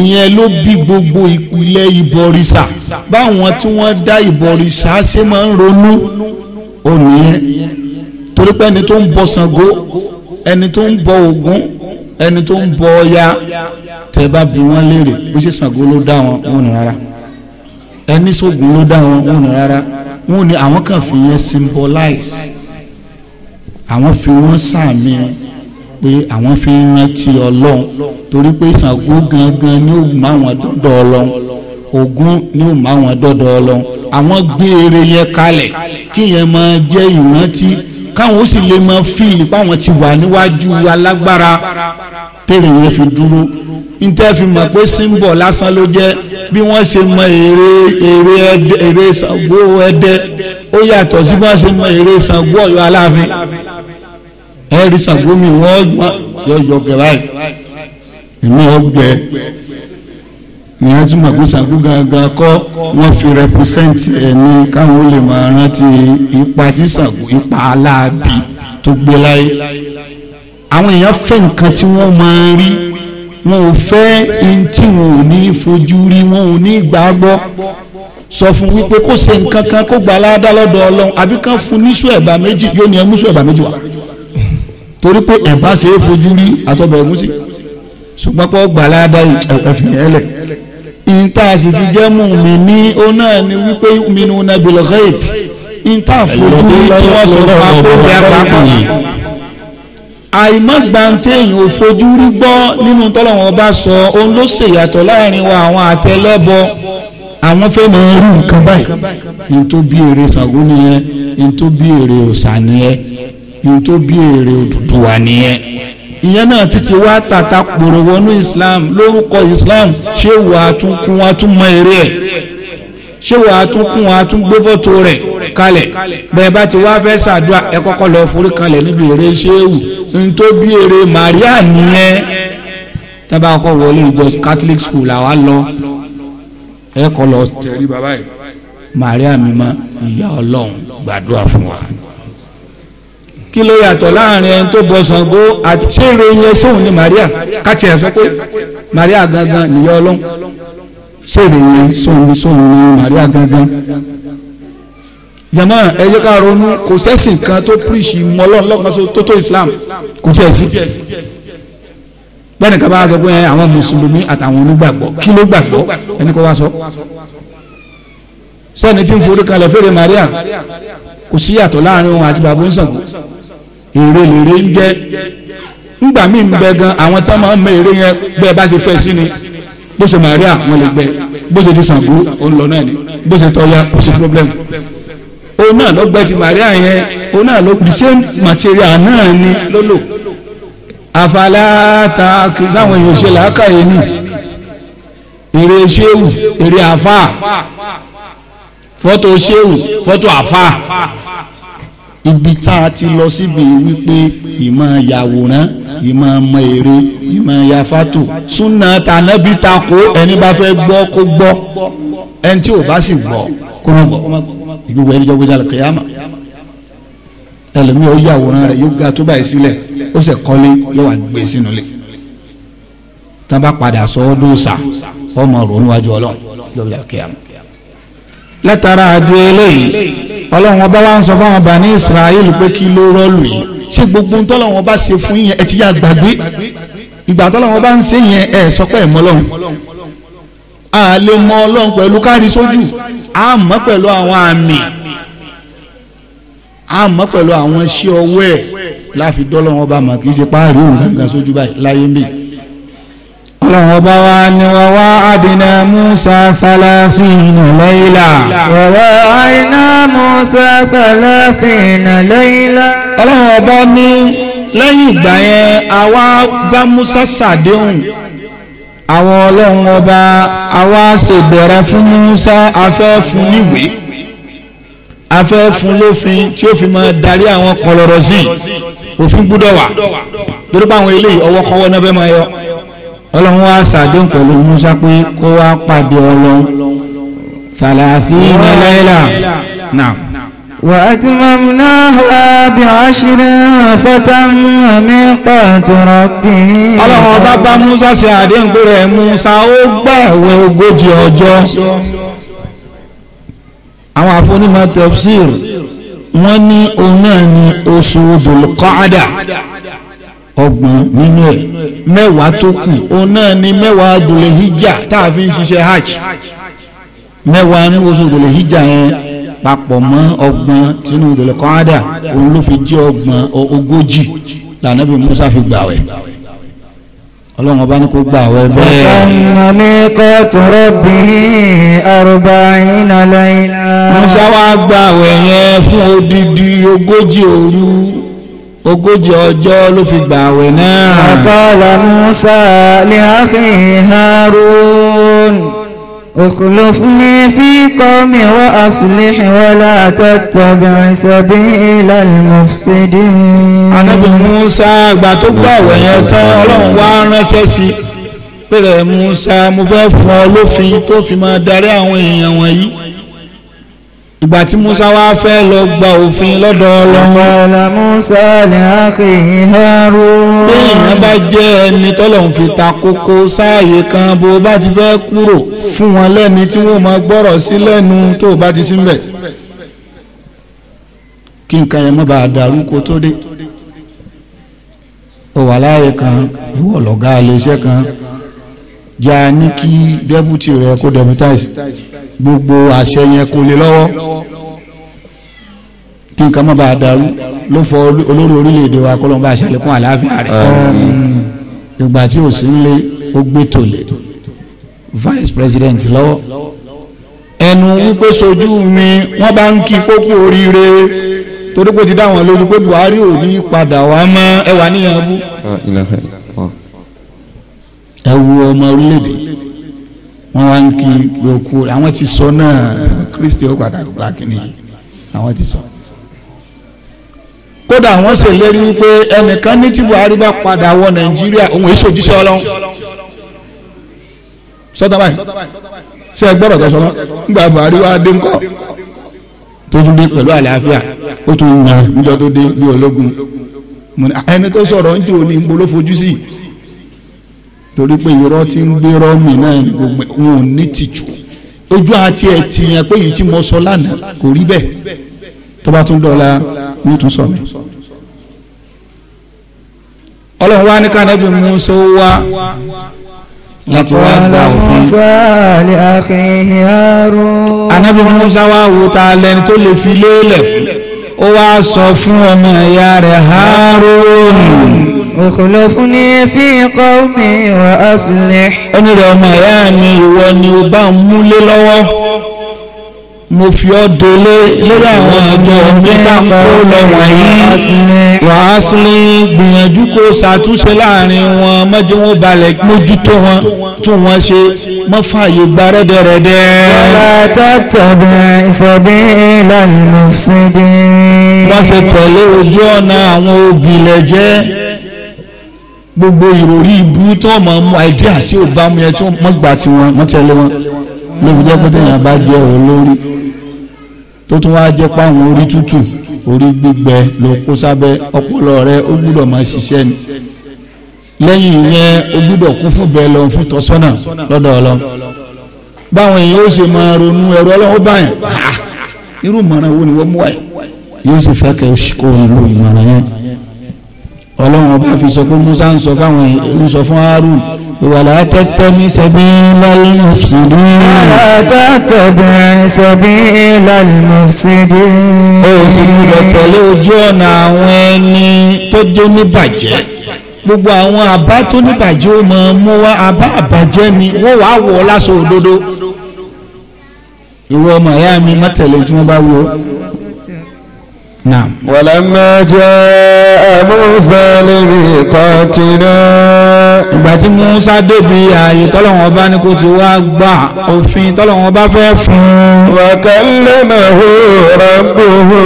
[SPEAKER 1] ìyẹn ló bí gbogbo ìpìlẹ̀ ìbọrìṣà báwọn tí wọ́n dá ìbọrìṣà ṣe máa ń ronú ònìyẹn torí pé ẹni tó ń bọ Ṣàngó ẹni tó ń bọ Ògún ẹni tó ń bọ Ọya tẹ́ bá bí wọ́n léèrè bó ṣe Ṣàngó ló dá wọn wọn ní rárá ẹni sógun ló dá wọn wọn ní rárá wọn ní àwọn kan fi yẹn symbolize àwọn fi wọ́n sàmì pé àwọn fi ń rántí ọlọ́run torí pé Ṣàngó gangan ni ó mú àwọn dọ́dọ̀ ọlọ́run Ògún ni ó mú àwọn dọ́dọ̀ ọlọ́run àwọn gbére yẹn kalẹ̀ kí yẹn máa jẹ́ ìrántí káwọn ó sì lè máa fíìlì páwọn ti wà níwájú alágbára tẹ̀rẹ̀ yẹn fi dúró níta fi mọ̀ pé símbọ̀ lásán ló jẹ́ bí wọ́n ṣe mọ èrè èrè ẹ̀dẹ́ èrè Ṣàngó ẹ̀dẹ́ ó yàtọ̀ sí bá ṣe mọ èrè Ṣàngó Ọ̀yọ́ Aláàfin ẹ̀rí Ṣàngó mi wọ́n yọ yọ gẹ̀rẹ́ ìmí ọgbẹ ni wọ́n tún mọ̀ pé Ṣàngó gangan kọ́ wọ́n fi rẹpúsẹ́ǹtì ẹ̀ ní káwọn ó lè máa rántí ipa tí Ṣàngó ipa aláàbí tó gbé láyé àwọn èèyàn fẹ́ nǹkan tí wọ́n máa ń rí wọn ò fẹ́ ẹni tí wọn ò ní fojú rí wọn ò ní gbàgbọ́ sọ fún wípé kó ṣe nǹkan kan kó gba aládá lọ́dọ̀ ọlọ́run àbí kan fún níṣu ẹ̀bà méjì yóò ní ẹmúṣu ẹ̀bà méjì wá torí pé ẹ̀bà ṣe é fojú rí àtọ́bẹ̀ ẹ̀mú sí ṣùgbọ́n pé ó gba aládá ẹ̀fìyàn ẹlẹ̀ ìta sì fi jẹ́ mú mi ní òun náà ni wípé mi ní una bil ghaib ìta fojú rí tí wọ́n sọ àìmọ́ gbàǹtẹ̀yìn ò fojú rí gbọ́ nínú tọ́lọ́wọ́n bá sọ òun ló ṣèyàtọ̀ láàrin wa àwọn àtẹlẹ́bọ àwọn fẹ́ mọ irú nǹkan
[SPEAKER 2] báyìí
[SPEAKER 1] ntó bí èrè Ṣàngó nìyẹn ntó bí èrè òòṣà nìyẹn ntó bí èrè Odùduwà nìyẹn ìyẹn náà títí wá tàta kpòrò wọnú Islam lórúkọ Islam ṣé wàá tún kún wàá tún mọ èrè ẹ̀ ṣé wà á tún kún wa á tún gbé fọ́tò rẹ̀ kalẹ̀ bẹ́ẹ̀ bá ti wá fẹ́ ṣàdúrà ẹ kọ́kọ́ lọ forí kalẹ̀ níbi èrè ṣéwù ntó bí èrè Maria nìyẹn tábà kọ́ wọlé ìjọ Catholic school àwa lọ ẹ kọ́ lọ tẹ̀rí bàbá yìí Màríà mímọ́ ìyá ọlọ́run gbàdúrà fún wa. kí ló yàtọ̀ láàrin ẹni tó bọ Ṣàngó àti ṣéèrè yẹn sóhun ní Màríà káti ẹ̀ sọ pé
[SPEAKER 2] Màríà gangan nìyá ọlọ́run
[SPEAKER 1] ṣéèrè yẹn sóhun ní sóhun ní Màríà gangan jama ẹ jẹ́ ká ronú kò sẹ́sìn kan tó píríṣì mọ́lọ́ọ̀lọ́kan tó tó Islam kò jẹ́ sí bẹ́ẹ̀ nìkan bá sọ pé àwọn mùsùlùmí àtàwọn onígbàgbọ́ kí ló gbàgbọ́ ẹni kó wá sọ sẹ́ni tí ń forí kalẹ̀ fèrè Maria kò sí yàtọ̀ láàrin òun àti bàbá ńsàngó èrè lèrè ń jẹ́ ńgbà míì ń bẹ gan àwọn tó máa ń mẹ èrè yẹn bẹ́ẹ̀ bá ṣe fẹ́ sí ni bó ṣe Maria wọn lè gbẹ bó ṣe ti Ṣàngó òun lọ náà ni bó ṣe tọ́ya kò sí problem òun náà ló gbẹ ti Maria yẹn òun náà ló material náà ni àfàlàtà sáwọn èèyàn ṣe làákàyè ni èrè ṣéwù èrè àfà fọ́tò ṣéwù fọ́tò àfà ibi tá a ti lọ síbi wípé ìmọ̀ yàwòrán ìmọ̀ ọmọ èrè ìmọ̀ yafátò súnà tànàbí takò ẹni bá fẹ́ gbọ́ kó gbọ́ ẹni tí ò bá sì gbọ́ kó má gbọ́ gbogbo ẹni jọ gbé jalè kìyàmà ẹlòmíì ó yàwòrán rẹ̀ yóò ga tó báyìí sílẹ̀ ó sì kọ́lé yóò wá gbé sínú lé tábà padà sọ ọ́ dóòsà ọmọ rò níwájú ọlọ́run lọ́bìlà kíámù. látara adé eléyìí ọlọ́run ọba wa ń sọ fáwọn bani Israel pé kí ló rọ́ọ̀lù yìí ṣé gbogbo ń tọ́lọ́run ọba ṣe fún yín ẹ ti yá gbàgbé ìgbà tọ́lọ́run ọba ń ṣe yẹn ẹ sọ pé ẹ mọ́ ọlọ́run a lè mọ ọlọ́run pẹ̀lú kárí sójú a mọ̀ pẹ̀lú àwọn àmì àmọ́ pẹ̀lú àwọn iṣẹ́ ọwọ́ ẹ̀ láfi dọ́lọ́ wọn bá mọ̀ kì í ṣe páàrí òun gángan sójú báyìí láyé ń ọlọ́run ọba wa ni wọ́n wá àbínà musa falafina layla. wọ́wọ́ àìná musa falafina layla. ọlọ́run ọba ní lẹ́yìn ìgbà yẹn àwa bá musa ṣàdéhùn àwọn ọlọ́run ọba àwa ṣèbẹ̀rẹ̀ fún musa afẹ́ afẹ́ fún lófin tí ó fi máa darí àwọn kọlọ̀rọ̀ sí òfin gbúdọ̀ wà torí pé àwọn eléyìí ọwọ́ kọ́wọ́ náà fẹ́ máa yọ ọlọ́run wá sàdéhùn pẹ̀lú musa pé kó wá pàdé ọlọ́run sàlàsí mẹ́lẹ́lá náà. وأتممناها بعشر فتم ميقات ربه ọlọ́run ọba bá musa ṣe àdéhùn pé rẹ̀ musa ó gbààwẹ̀ ogójì ọjọ́ àwọn àfọnímọ̀ tafsir wọ́n ní òun náà ní oṣù dùlùkọ́ádà ọgbọ̀n nínú ẹ̀ mẹ́wàá tó kù òun náà ní mẹ́wàá dùlùhíjà tá a fi ń ṣiṣẹ́ hajj mẹ́wàá ní oṣù dùlùhíjà yẹn papọ̀ mọ́ ọgbọ̀n sínú dùlùkọ́ádà òun ló fi jẹ́ ọgbọ̀n ogójì lànàbí Musa fi gbàwẹ̀ ọlọ́run ọba ní kó gbà àwẹ̀
[SPEAKER 2] bẹ́ẹ̀. ọ̀nà
[SPEAKER 1] mi kọ́ tọrọ bí arúgbó iná lẹ́yìn. musa wa gba àwẹ̀ yẹn fún odidi ogójì òru ogójì ọjọ́ ló fi gba àwẹ̀ náà.
[SPEAKER 2] àbálà musa ní akhi Harun. اخلفني في قومي وأصلح ولا تتبع
[SPEAKER 1] سبيل المفسدين Ànábì موسى àgbà tó gbà wẹ̀yẹn tán Ọlọ́run wá ránṣẹ́ sí pèrè Mùsá mo fẹ́ fún ọ lófin tó fi máa darí àwọn èèyàn wọ̀nyí ìgbà tí Mùsá wá fẹ́ lọ gba òfin lọ́dọ̀ Ọlọ́run. Ọ̀la Mùsá ni a kì pé èèyàn bá jẹ́ ẹni tọ́lọ́hún fi ta kókó sáàyè kan bó bá ti fẹ́ kúrò fún wọn lẹ́ni tí wọ́n máa gbọ́rọ̀ sí lẹ́nu tó bá ti síbẹ̀ kí nǹkan yẹn má bàa dàrú kó tó dé ó wà láàyè kan ìwọ lọ̀gá iléeṣẹ́ kan já ní kí dẹ́bùtì rẹ̀ kó dẹ́bùtáìsì gbogbo àṣẹ yẹn kò lè lọ́wọ́ kí nǹkan má bàa dàrú ló fọ olórí orílẹ̀-èdè wa kọ́lọ́n bá ṣàlékún àlàáfíà rẹ̀ ìgbà tí ò sí nílé ó gbé tòlè vice president lọ́wọ́ ẹnu wípé sojú mi wọ́n bá ń kí kókó oríire torí pé ti dá wọn lójú pé Buhari ò ní padà wá mọ́ ẹ wà níyànjú ẹ wo ọmọ orílẹ̀-èdè wọ́n wá ń kí gbòkú àwọn ti sọ náà Kristi ó pàtàkì ní àwọn ti sọ kódà wọ́n ṣe lérí wípé ẹnìkan ní tí Buhari bá padà wọ Nàìjíríà òun èso òjíṣẹ́ Ọlọ́run sọ́tà báyìí ṣé ẹ gbọ́dọ̀ tọ́sọ́ náà nígbà Buhari wá dé ńkọ́ tó tún dé pẹ̀lú àlàáfíà ó tún yàn níjọ́ tó dé bí ológun ẹni tó sọ̀rọ̀ ń jò ní ń bolo fojú sí torí pé irọ́ ti ń gbé rọ́ọ̀mì náà ní gbogbo wọn ò ní tìjú ojú àti ẹ̀ tìyàn pé èyí tí mo sọ lánàá kò rí bẹ́ẹ̀ tó bá tún dọ̀la ní tún sọ mi. ọlọ́run wá ní kánábì Musa wá láti wá gba òfin. anábì Musa wá wo ta lẹni tó lè fi lélẹ̀ ó wá sọ fún ọmọ ìyá rẹ̀ Harun. Òkùnlọ́fúnni fi kọ́ mi wà á sílẹ̀. Ó ní rẹ̀ ọmọ ìyá mi ìwọ ni ó bá ń múlé lọ́wọ́ mo fi ọ́ délé lórí àwọn ọjọ́ nípa kó lọ wọ̀nyí wàá sílé gbìyànjú kó ṣàtúnṣe láàrin wọn mọ́jú wọn balẹ̀ mójútó wọn tún wọn ṣe mọ́ fààyè gba rẹ́dẹ̀rẹ́dẹ́.
[SPEAKER 2] wàlá tàtàbí ìṣẹ̀bí ìlànà ìfúnṣẹ́jẹ́. wọ́n ṣe tẹ̀lé ojú ọ̀nà àwọn òbílẹ̀ jẹ́ gbogbo
[SPEAKER 1] ìròrí ibú tó mọ̀ ọ́ àìdí àti òbámu yẹn tó mọ̀ gbà tiwọn wọ́n tẹ̀lé wọn lóbi jẹ́ pé téèyàn bá jẹ́ olórí tó tún wá jẹ́ páwọn orí tútù orí gbígbẹ ló kó sábẹ́ ọpọlọ rẹ ó gbúdọ̀ máa ṣiṣẹ́ ni lẹ́yìn yẹn ó gbúdọ̀ kún fún bẹ́ẹ̀ lọ fún tọ́sọ́nà lọ́dọ̀ ọlọ́ báwọn èèyàn ó ṣe máa ronú ẹ̀rọ ọlọ́wọ́ báyìí ah, irú mọ̀ràn wo ni wọ́n mú wáyé yóò sì fẹ́ kẹ́ kó o lo ìmọ̀ràn yẹn ọlọ́run ọba fi sọ pé Musa ń sọ fáwọn ń sọ fún Harun ìwàlá tẹ́tẹ́ mi sẹ́bí lálùmọ̀sídì. ìwàlá tẹ́tẹ́ mi sẹ́bí lálùmọ̀sídì. tẹ̀lé ojú ọ̀nà àwọn ẹni tó jó níbàjẹ́ gbogbo àwọn àbá tó níbàjẹ́ ó máa mú wá àbá àbàjẹ́ ni wọ́n wàá wọ̀ ọ́ lásán òdodo ìwọ ọmọ ìyá mi má tẹ̀lé tí wọ́n bá wọ
[SPEAKER 2] ọ́. نعم
[SPEAKER 1] ولما جاء موسى لميقاتنا ìgbà Musa débi ààyè tọ́lọ́wọ́n bá ní kó ti wá gbà òfin tọ́lọ́wọ́n bá fẹ́ fún un. wakallamahu rabbuhu.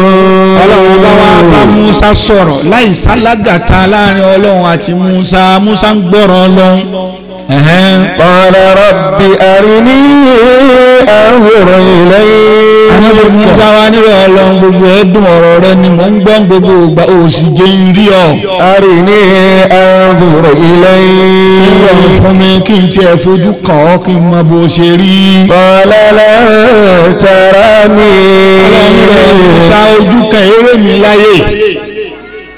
[SPEAKER 1] ọlọ́wọ́n bá wá bá Musa sọ̀rọ̀ láì sálágàta láàrin ọlọ́run àti Musa Musa ń gbọ́rọ̀ ọlọ́run. qala rabbi arini àwòrán ìlẹ́yìn. ànábì musa wa níbẹ̀ ọlọ́run gbogbo ẹ̀dùn ọ̀rọ̀ rẹ ni mò ń gbọ́n gbogbo ògbà òsì jẹ́ ń rí ọ. àrí ní àwòrán ìlẹ́yìn. ṣé wọ́n fún mi kí n tiẹ̀ fojú kàn ọ́ kí n mọ bó ṣe rí. bọ́lẹ́lẹ́ tẹ̀rẹ́ mi. ọlọ́run rẹ̀ musa ojú kan eré mi láyé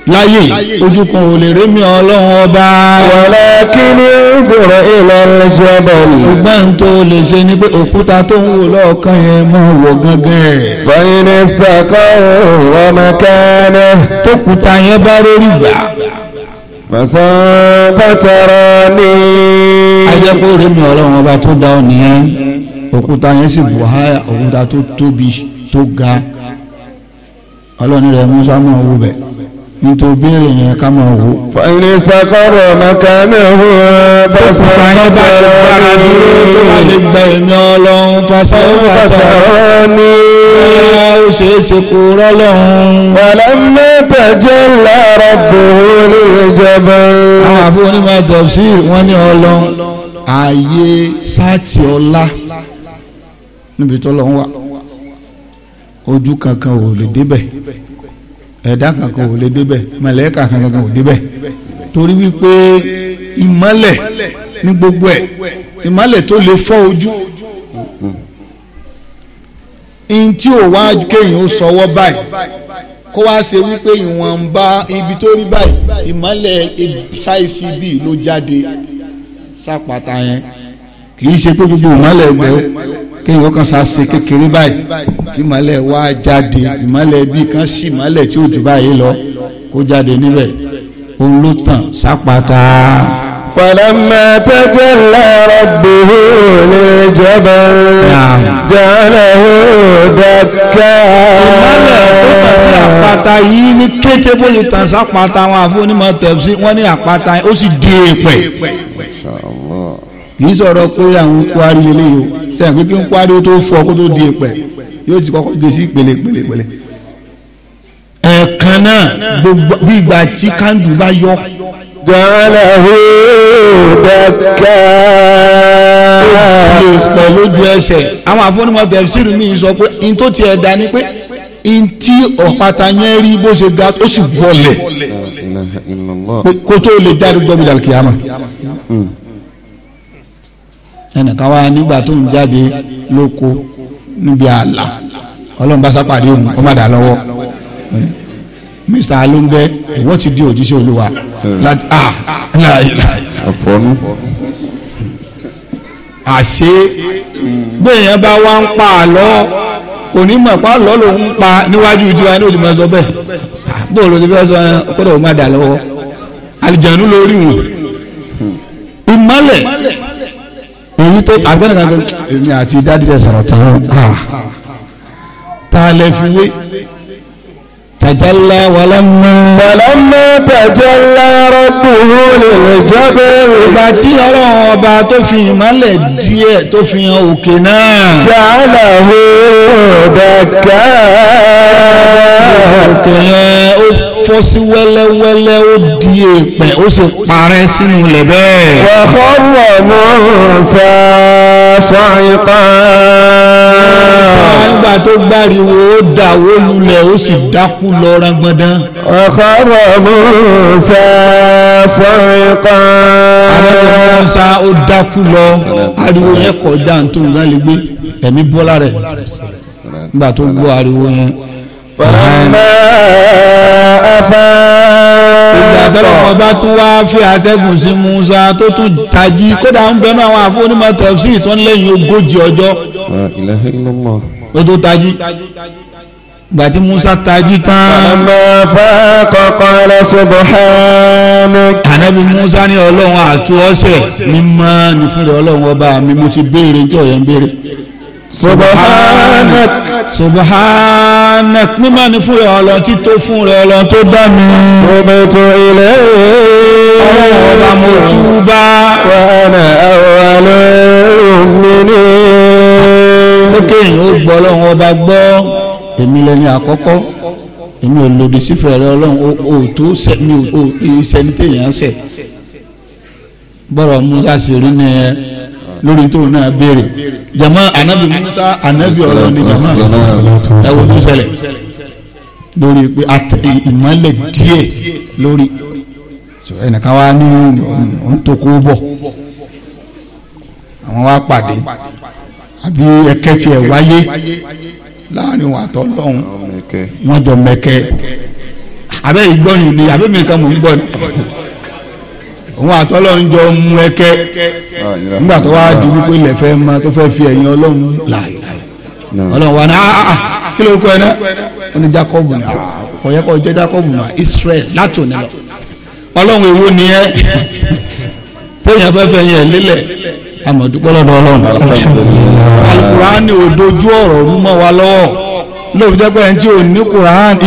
[SPEAKER 1] láyé ojú kan ò lè rémi ọlọ́run ọba. wọ̀lẹ́ kí ni ìbòrò ìlọrin jẹ́ bẹ́ẹ̀ni. ṣùgbọ́n n tó lè ṣe ni pé òkúta tó ń wò lọ́ọ̀kan yẹn mọ̀ wò gángan. fàyínísítà kan wọ́n máa kẹ́ ẹ́. tókùtà yẹn bá rórí gbà. màsáfàtàrà ni. ajẹ́ kó rémi ọlọ́run ọba tó dá ọ nìyẹn òkúta yẹn sì bù háyà òkúta tó tóbi tó ga ọlọ́run rẹ̀ Mùsá máa wò bẹ́ẹ̀ nítorí béèrè yẹn ká máa wò.
[SPEAKER 2] fàyínì sàkọrọ mẹkánì hù bàṣà bàbá ìbára dúró tó bá lè gba ẹ̀mí ọlọ́run fàṣà bàtà ní. bóyá ó ṣeé ṣe kó rọ́lọ́run. wàlẹ́ mẹ́ta lára bòó lè àwọn àbúrò onímọ̀
[SPEAKER 1] tẹ̀sí wọn ní ọlọ́run ààyè sáàtì ọlá níbi tó lọ́n wà ojú kankan ò lè débẹ̀ ẹ̀dá kankan ò lè débẹ̀ màlẹ́kà kankan ò débẹ̀ torí wípé ìmọ́lẹ̀ ní gbogbo ẹ̀ ìmọ́lẹ̀ tó lè fọ́ ojú in tí ò wá kéèyàn ó sọwọ́ báyìí kó wá ṣe wípé ìwọ̀nba ibi tó rí báyìí ìmọ́lẹ̀ ṣáìsì bíi ló jáde sápàtà yẹn kì í ṣe pé gbogbo ìmọ́lẹ̀ gbẹ́ kéèyàn kan ṣàṣe kékeré báyìí kí ìmọ̀lẹ̀ wá jáde ìmọ̀lẹ̀ bí kan sì ìmọ̀lẹ̀ tí ò jù báyìí lọ kó jáde níbẹ̀ òun ló tàn sápàtà.
[SPEAKER 2] falamma tajalla rabbuhu liljabal ja'alahu dakka. ìmọ̀lẹ̀ tó tàn sí àpáta
[SPEAKER 1] yìí ní kété bóyá tàn sápàtà wọn àfọwọ́nìmọ̀ tẹ̀sí wọn ní àpáta ó sì di èèpẹ̀ kì í sọ̀rọ̀ pé àwọn kwari eléyìí o sẹ́yìn pé kí n kwari ó tó fọ kó tó di èpẹ̀ yóò ti kọ́kọ́ dé sí ìpele ìpele ìpele. ẹ̀ẹ̀kan náà gbogbo bí ìgbà tí kandu bá yọ. jọ́lá hó dẹ́kẹ́. ó ti pẹ̀ lójú ẹsẹ̀ àwọn àfọ́nimọ̀ tẹ̀síìrì mi sọ pé n tó tiẹ̀ da ni pé ntí ọ̀pátá yẹn rí bó ṣe ga ó sì bọ̀lẹ̀
[SPEAKER 2] kó tó lè dá dúdú dọ́gbìdàlì kìámà. Hmm
[SPEAKER 1] ẹnìkan wá nígbà tó ń jáde lóko níbi àlà ọlọ́run bá sápàdé òun ó má dà lọ́wọ́ mr alonge ìwọ ti di òjíṣẹ́ olúwa láti a láàyè àfọnú. àṣé bẹ́ẹ̀yẹn bá wá ń pa àlọ́ onímọ̀ pa àlọ́ lòun ń pa níwájú ìjọ ẹni òdì máa sọ bẹ́ẹ̀ bóòlù ló ti fẹ́ sọ ẹ kódà ó má dà lọ́wọ́ àlìjànú lórí wọn ìmọ̀lẹ̀ èyí tó àgbẹ̀rẹ̀ kan èmi àti dádì ẹ̀ sọ̀rọ̀ tán ah. tá a lè fi wé. تجلى ولما ولما تجلى ربه للجبل ìgbà tí ọlọ́run ọba tó fi ìmọ́lẹ̀ díẹ̀ tó fi hàn òkè náà. jàǹdà wo dàkà. òkè yẹn ó fọ́ sí wẹ́lẹ́wẹ́lẹ́ ó di èèpẹ̀ ó sì parẹ́ sínú ilẹ̀ bẹ́ẹ̀. wà á fọ́ mọ̀ mọ́ sáà sọ́yìnká. nígbà tó gbáriwo ó dà wó lulẹ̀ ó sì dákú lọ rangbọ̀ndán. ọ̀kọ́rọ̀ Musa sọ́yìnká. àwọn Musa ó dákú lọ ariwo yẹn kọjá tó ń gbálẹ̀ gbé ẹ̀mí bọ́lá rẹ̀ nígbà tó gbọ́ ariwo yẹn. fàmà afá tọ́lọ́mọ bá tún wá fi àtẹ́gùn sí Musa tó tún tají kódà ń bẹnu àwọn àfọwọ́nímọ̀ tẹ̀síì tó ń lẹ́yìn ogójì ọjọ́ ó tó tají gbàtí Musa tají tán. ọmọ fẹ́ kọ́kọ́ lọ subhanak. ànábi Musa ní ọlọ́run àtúwọ́sẹ̀ mímọ́ ní fúnra ọlọ́run ọba mi mo ti béèrè tí ọ̀yẹ́ ń béèrè subhanak subhanak mímọ́ ni fún rẹ̀ ọlọ́run tí tó
[SPEAKER 2] fún rẹ̀ ọlọ́run tó dá mi. tumitu ilé. ọlọ́run ọba mo túbà. wa ana awwalul mu'minin.
[SPEAKER 1] ó kéèyàn ó gbọ́ ọlọ́run ọba gbọ́ èmi lẹni àkọ́kọ́ èmi ò lòdì sífẹ̀ẹ́ rẹ ọlọ́run o tó sẹ́ni ò ìsẹ́ni téèyàn sẹ̀ bọ́rọ̀ musa sì rí ni lórí tóun náà béèrè jama anabi musa anabi ọlọ́run ni jama ẹ wo tó ṣẹlẹ̀ lórí pé
[SPEAKER 2] ìmọ̀lẹ̀ díẹ̀ lórí ẹnìkan wa ní ntòkó bọ̀ àwọn wa pàdé àbí ẹkẹ tiẹ̀ wáyé láàrin
[SPEAKER 1] wọn àtọ́lọ́hún wọn jọ mẹkẹ abẹ́ ìgbọ́yìn ni abẹ́ mi kan mò ń gbọ́ ni. òun àtọ́lọ́ ń jọ mú ẹkẹ́
[SPEAKER 2] nígbà tó wá di wípé ilẹ̀
[SPEAKER 1] fẹ́ máa tó fẹ́ fi ẹ̀yìn ọlọ́run láì ọlọ́run wà ní àà kí ló kọ́ ẹ náà wọ́n ní Jacob ní ọ̀yẹ́kọ̀ jẹ́ Jacob ní Israel látò ní lọ ọlọ́run èwo ni ẹ téèyàn fẹ́ yẹn lélẹ̀ amọ̀dúpọ̀lọ́dọ̀ ọlọ́run alukurani ò dojú ọ̀rọ̀ ọ̀run mọ́ wa lọ́wọ́ lóòótọ́ jẹ́ pé ẹni tí ní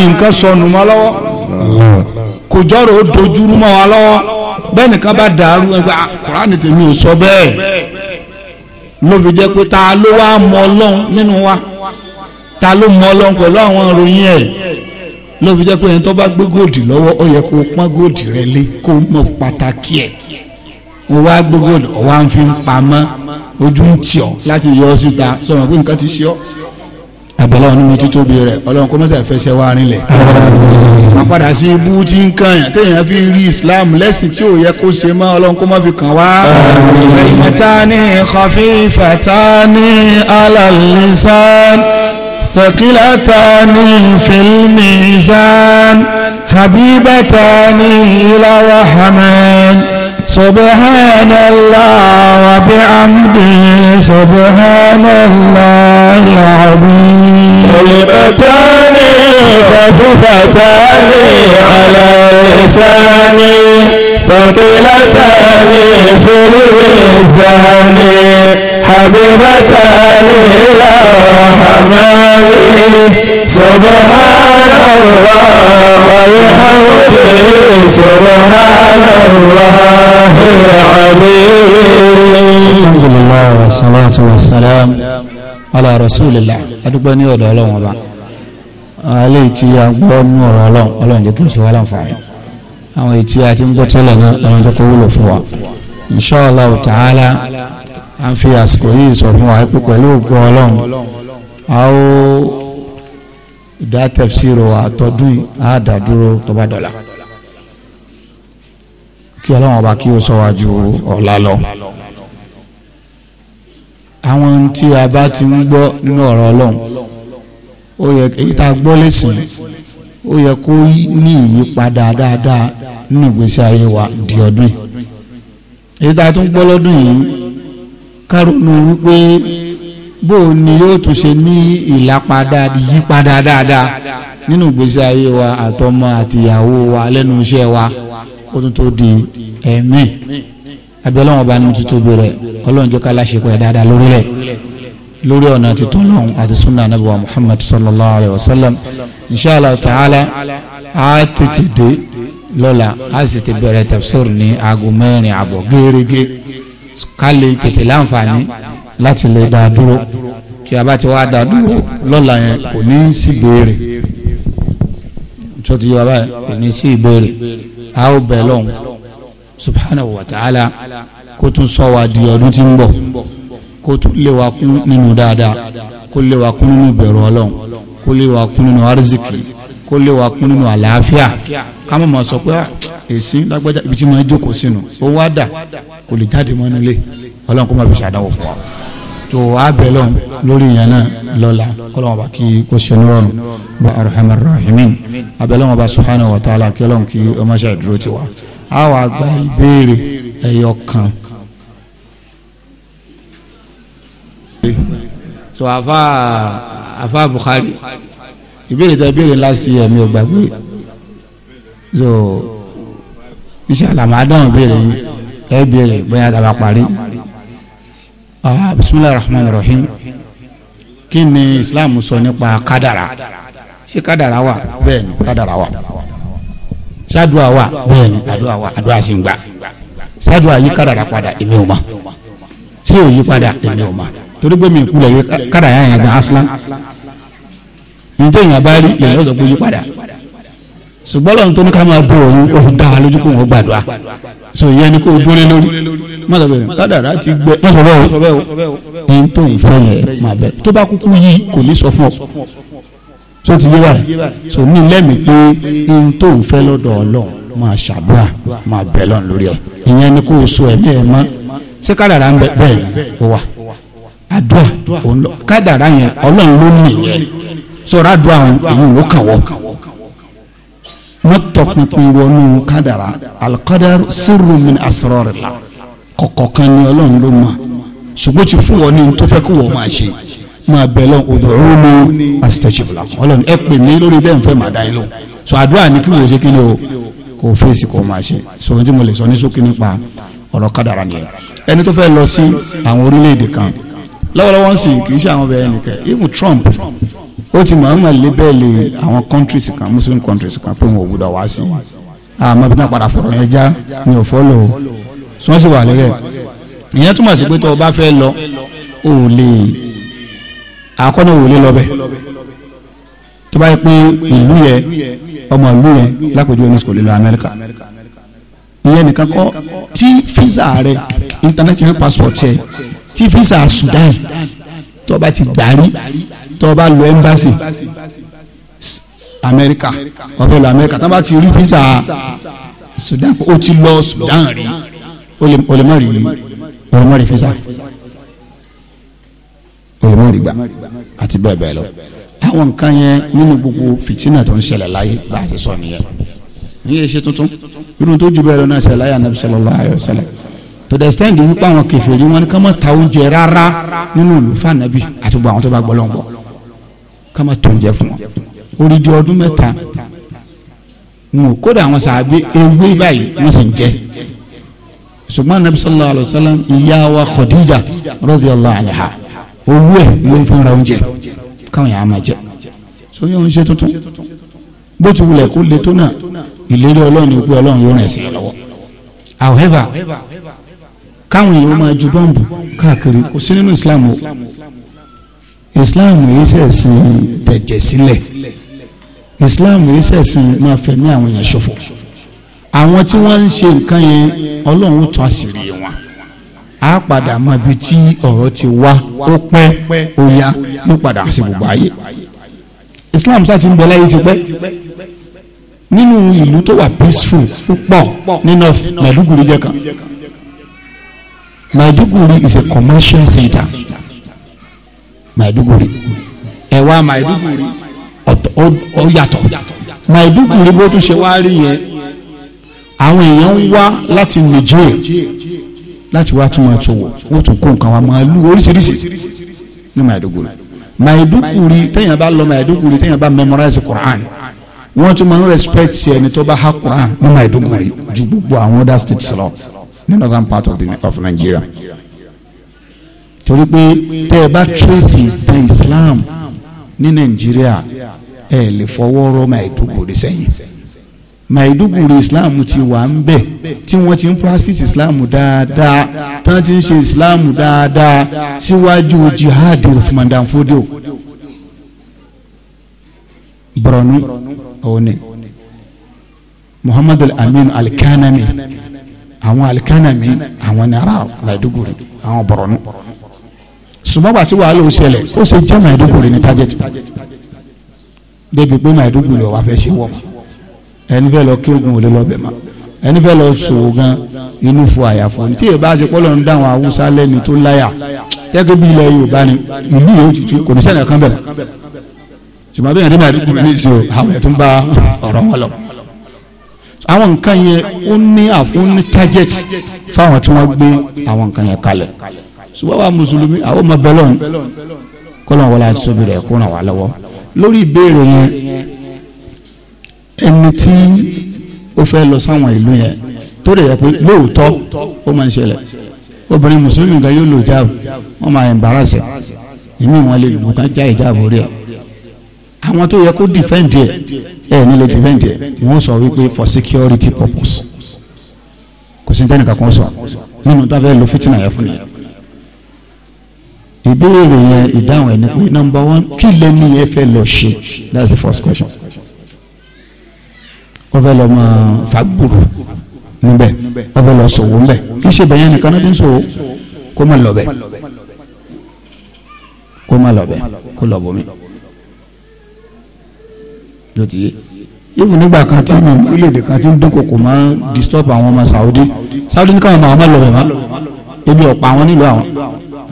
[SPEAKER 1] nǹkan sọnù mọ́ lọ́wọ́ bẹ́ẹ̀ nìkan bá dàrú ẹgbẹ́ ah, kùránì tèmi ò sọ bẹ́ẹ̀ ló fi jẹ́ pé ta ló wá mọ ọlọ́run nínú wa ta ló mọ ọlọ́run pẹ̀lú àwọn ìròyìn ẹ̀ ló fi jẹ́ pé ẹni tó bá gbé góòdì lọ́wọ́ ó yẹ kó pọ́n góòdì rẹ lé kó mọ pàtàkì ẹ̀ mo wá gbé góòdì ọ̀wá ń fi pamọ́ ojú ń tì ọ́ láti yọ ọ síta sọ̀rọ̀ pé nǹkan ti ṣe ọ́ abẹ́lẹ́ ọ̀nà mi títóbi rẹ̀ ọlọ́run kó mọ́tà fẹsẹ̀ wá rinlẹ̀. wọ́n padà sí ibú tí ń kàn yàn téèyàn fi rí islam lẹ́sìn tí ò yẹ kó ṣe mọ́ ọlọ́run kó má fi kàn wá. fatani khafifatani ala lisan thaqilatani fil habibatani ila
[SPEAKER 2] سبحان الله وبحمده سبحان الله العظيم كلمتان خفيفتان على لساني ثقيلتان في الميزان حبيبتان إلى الرحمن سبحان الله وبحمده سبحان الله العليم الحمد لله والصلاة والسلام
[SPEAKER 1] على رسول الله adúpẹ́ ní ọ̀dọ̀ ọlọ́run ọba àlẹ́ tí a gbọ́ ní ọ̀rọ̀ ọlọ́run ọlọ́run jẹ́ kí àwọn ètí àti ń bọ́ tẹ́lẹ̀ náà lọ́wọ́n tó kó wúlò fún wa insha Allah ta'ala à ń fi àsìkò yìí sọ fún wa pé pẹ̀lú ògo ọlọ́run a ó dá tafsiro àtọ́dún àdàdúró tó bá dọ̀la kí ọlọ́run ọba kí ó sọ wá ju ọ̀la lọ àwọn tí a bá ti ń gbọ́ nínú ọ̀rọ̀ ọlọ́run
[SPEAKER 2] ó yẹ èyí tá a gbọ́ lẹ́sìn ó yẹ
[SPEAKER 1] kó ní ìyípadà dáadáa nínú ìgbésí ayé wa di ọdún yìí èyí tá a tún gbọ́ lọ́dún yìí kárọ̀nù wípé bó o ní yóò tún ṣe ní ìlápadà yípadà dáadáa nínú ìgbésí ayé wa àtọmọ àtìyàwó wa lẹ́nu iṣẹ́ wa ó tún tó di ẹ̀mí abẹ́lẹ́wọ̀n bá nínú tuntun bẹ̀rẹ̀ ọlọ́run jẹ́ ká láṣepọ̀ ẹ̀ dáadáa lórílẹ̀ lórí ọ̀nà ti tọ́lọ́hún àti sunna anabi wa muhammad sallallahu alayhi wa sallam inshallah ta'ala
[SPEAKER 2] a tètè dé
[SPEAKER 1] lọ́la a sì ti bẹ̀rẹ̀ tafsir ní aago mẹ́rin àbọ̀ gẹ́gẹ́ ká lè tètè láǹfààní láti lè dá dúró tí a bá ti wá dá dúró lọ́la yẹn kò ní sí béèrè tó ti kò ní sí ìbéèrè a ó bẹ̀ lọ́hún subhanahu wa ta'ala kó tún sọ wa di ọdún tí ń bọ̀ kó tún lè wá kún nínú dáadáa kó lè wá kún nínú bẹ̀rù ọlọ́run kó lè wá kún nínú arzikiri kó lè wá kún nínú àlàáfíà ká má máa sọ pé ah, èsì lágbájá ibi tí mo jókòó sínú ó wá dà kò lè jáde mọ́ nílé ọlọ́run kó má fi ṣàdánwò fún wa tó a bẹ̀ lọ́n lórí yẹn náà lọ́la kọ́lọ́n ọba kí kó sẹ́nu rọrùn bá arhamar rahimin abẹ́lẹ́wọ̀n ọba subhanahu wa ta'ala kí ọlọ́run kí ọmọ ṣàdúró tiwa a wà gba ìbéèrè ẹ̀yọ kan so afa afa Bukhari ìbéèrè tẹ ìbéèrè ńlá sí ẹ̀mí ọgbà pé so iṣẹ́ àlàmàdàn ìbéèrè yìí
[SPEAKER 2] ẹ béèrè bóyá tàbá parí ah, bisimilahi rahman rahim
[SPEAKER 1] kí ni Islam sọ nípa kádàrà ṣé kádàrà wà bẹ́ẹ̀ ni kádàrà wà ṣáàdùà wà bẹ́ẹ̀ ni àdùà wà àdùà sì ń gbà ṣáàdùà yí kádàrà pada èmi ò mọ̀ ṣé ò yí padà èmi ò mọ̀ torí pé mi ìkulẹ̀ rí kára yẹn yẹn gan aslan njẹ́ yẹn bá rí lẹ́yìn ọ̀sọ̀ pé yí padà ṣùgbọ́n lọ́run tó ní ká máa bọ òun òun dá a lójú kó wọn gbàdúrà so ìyẹn ni kò dúró lórí mọ́tàbẹ̀ kádàrá ti gbẹ mọ́tàbẹ̀ o ẹni tó ń fẹ́ yẹn máa bẹ tó bá kúkú yí kò ní sọ fún ọ
[SPEAKER 2] so ti yé wa so ní lẹ́mìí pé
[SPEAKER 1] ẹni tó ń fẹ́ lọ́dọ̀ ọlọ́run máa ṣàdúrà máa bẹ̀ lọ́run lórí ẹ̀ ìyẹn ni kò so ẹ̀mí ẹ̀ mọ́ ṣé kádàrá ń bẹ bẹ́ẹ̀ ni ó wà. Adua, kádàrá yẹn ọlọ́run ló ní yẹn sọ̀rọ̀ àdúrà òun ló kàn wọ́ wọ́n tọpinpin wọnú kádàrá alikadaru sirru min asrarillah la, kan ní ọlọ́run ló mọ̀ ṣùgbọ́n ti fún wọn ní tó fẹ́ kó wọ́n máa ṣe máa bẹ̀ lọ ud'uni astajib lakum ọlọ́run ẹ pè mí lórí bẹ́ẹ̀ nfẹ́ màdá yín lọ sọ àdúrà ní kí wọ́n ṣe kí ni o kò fèsì kò máa ṣe sọ tí mo lè sọ ní ṣókí nípa ọ̀rọ̀ kádàrá ẹni tó fẹ́ lọ sí àwọn orílẹ̀-èdè kan lọ́wọ́lọ́wọ́ ń sìn kì í ṣe àwọn bẹ̀rẹ̀ nìkan even Trump ó ti mọ̀ọ́mọ̀ lébẹ̀lì àwọn countries kan Muslim countries kan pé wọn ò gbúdọ̀ wá sí àmọ́ padà fọ̀rọ̀ yẹn já mi ò fọ́ lò ó tí wà lébẹ̀ ìyẹn túmọ̀ sí pé tó o bá fẹ́ lọ o ò lè àkọ́nà ò lè lọ bẹ̀ tó bá yẹ pé ìlú yẹn ọmọ ìlú yẹn lápèjúwe ní sùkúlù ìlú Amẹ́ríkà ìyẹn nìkan kọ́ tí fíìsà rẹ international passport yẹ tí fisa Sudan tó bá ti gbàrí tó bá lọ ẹmbásì Amẹ́ríkà ọ̀fẹ́ lọ Amẹ́ríkà tó bá ti rí fisa Sudan ó ti lọ Sudan rí o lè má rí o lè má rí fisa o lè má rí gbà àti bẹ́ẹ̀ bẹ́ẹ̀ lọ àwọn nǹkan yẹn nínú gbogbo fìtínà tó ń ṣẹlẹ̀ láyé bá a ti sọ nìyẹn ní yẹn ṣe tuntun irun tó ju bẹ́ẹ̀ lọ náà ṣẹlẹ̀ láyé anabi sallallahu alaihi wasallam to the extent wípé àwọn kèfèrí wọn ni ká má ta oúnjẹ rárá nínú ìlú fànàbì àti gbogbo àwọn tó bá gbọ́lọ́ bọ̀ ká má tó oúnjẹ fún wọn orídìí ọdún mẹ́ta wọn kódà àwọn sàbí ewé báyìí wọn sì ń jẹ ṣùgbọ́n anabi sallallahu alayhi wa sallam ìyá wa Khadija radiyallahu anha owó ẹ̀ ló ń fún ra oúnjẹ káwọn yàrá máa jẹ sórí ohun ṣe tuntun bó ti wulẹ̀ kó le tó náà ìlérí ọlọ́run ni pé ọlọ́run yóò rìn sí lọ́wọ́ however káwọn èèyàn máa ju bọ́ǹbù káàkiri kò sí nínú islam o islam yìí ṣẹ̀sìn tẹ̀jẹ̀ sílẹ̀ islam yìí ṣẹ̀sìn máa fẹ̀mí àwọn èèyàn ṣòfò àwọn tí wọ́n ń ṣe nǹkan yẹn ọlọ́run tó àṣírí wọn á padà mọ ibi tí ọ̀rọ̀ ti wá ó pẹ́ ó yá ló padà sí gbogbo ayé islam sá ti ń bẹ láyé ti pẹ́ nínú ìlú tó wà peaceful púpọ̀ ní north Maiduguri jẹ́ kan. Maiduguri is a commercial center Maiduguri ẹ̀wà Maiduguri ó yàtọ̀ Maiduguri bó tún ṣe wá rí yẹn àwọn èèyàn ń wá láti Niger láti wá tún máa tó wọ̀ wọ́n tún kó nǹkan wa máa lú oríṣiríṣi ní Maiduguri Maiduguri téèyàn bá lọ Maiduguri téèyàn bá memorize Quran wọ́n tún máa ń respect ẹni tó bá ha Quran ní Maiduguri ju gbogbo àwọn other states lọ ní northern part of, the, of Nigeria torí pé tẹ́ ẹ bá tracy ìtàn Islam ní Nàìjíríà ẹ lè fọwọ́ rọ́ Maiduguri sẹ́yìn Maiduguri Islam ti wà ń bẹ̀ tí wọ́n ti ń practice Islam dáadáa tí wọ́n ti ń ṣe Islam dáadáa síwájú jihad Usman Dan Fodio Borno òní Muhammadu Aminu Alkanami. Al àwọn alikanami àwọn nara Maiduguri àwọn Borno ṣùgbọ́n gbàtí wàhálà ó ṣẹlẹ̀ ó ṣe jẹ́ Maiduguri ní target pé Maiduguri ọ̀wá fẹ́ ṣe wọ̀ ẹni fẹ́ lọ kí ogun ò ma ẹni fẹ́ lọ sòwò gan inú fo àyàfo ní tí èyí bá ṣe pọ́lọ́ ń dáhùn haúsá lẹ́ni tó láyà tẹ́tọ́ bí ilẹ̀ Yorùbá ni ìlú yóò tutù kò ní sẹ́ni kan bẹ̀rẹ̀ ṣùgbọ́n bí yẹn dé Maiduguri ní ìṣe àwọn ẹ̀ tó bá ọ̀rọ̀ wọn lọ àwọn nǹkan yẹn ó ní ó ní target fáwọn tí wọ́n gbé àwọn nǹkan yẹn kalẹ̀ ṣùgbọ́n wa mùsùlùmí àwọn ọmọ bẹ́lọ̀ ni kọ́lọ́n wọlé àtúnṣe rẹ̀ kó ràn wá lọ́wọ́ lórí ìbéèrè yẹn ẹni tí ó fẹ́ lọ sáwọn ìlú yẹn tó lè yẹ pé lóòótọ́ ó máa ń ṣẹlẹ̀ obìnrin mùsùlùmí kan yóò lò jáàbù
[SPEAKER 2] wọ́n máa ń embarrass
[SPEAKER 1] ìmí wọn lè lù kán já ìjáàbù rẹ̀ àwọn tó yẹ kó defend ẹ ẹ ní lè defend ẹ wọ́n sọ wípé for security purpose kò sí tẹnika kan sọ nínú tó a fẹ́ lo fitina yẹn fún yẹn ìbéèrè yẹn ìdáhùn ẹ ní pé number one kí lẹni yẹn fẹ́ lọ ṣe that's the first question wọ́n fẹ́ lọ máa fagbúrò níbẹ̀ wọ́n fẹ́ lọ sòwò níbẹ̀ kí ṣe bẹ̀yẹn nìkan náà ti ń sòwò kó má lọ bẹ̀ kó má lọ bẹ̀ kó lọ bọ̀ mí lótìyé yíwù nígbà kan tí mi orílẹ̀-èdè kan ti ń dúnkokò máa ń disturb àwọn ọmọ Saudi Saudi ní káwọn ọmọ lọ bàbá ebi ọ̀pọ̀ àwọn nílò àwọn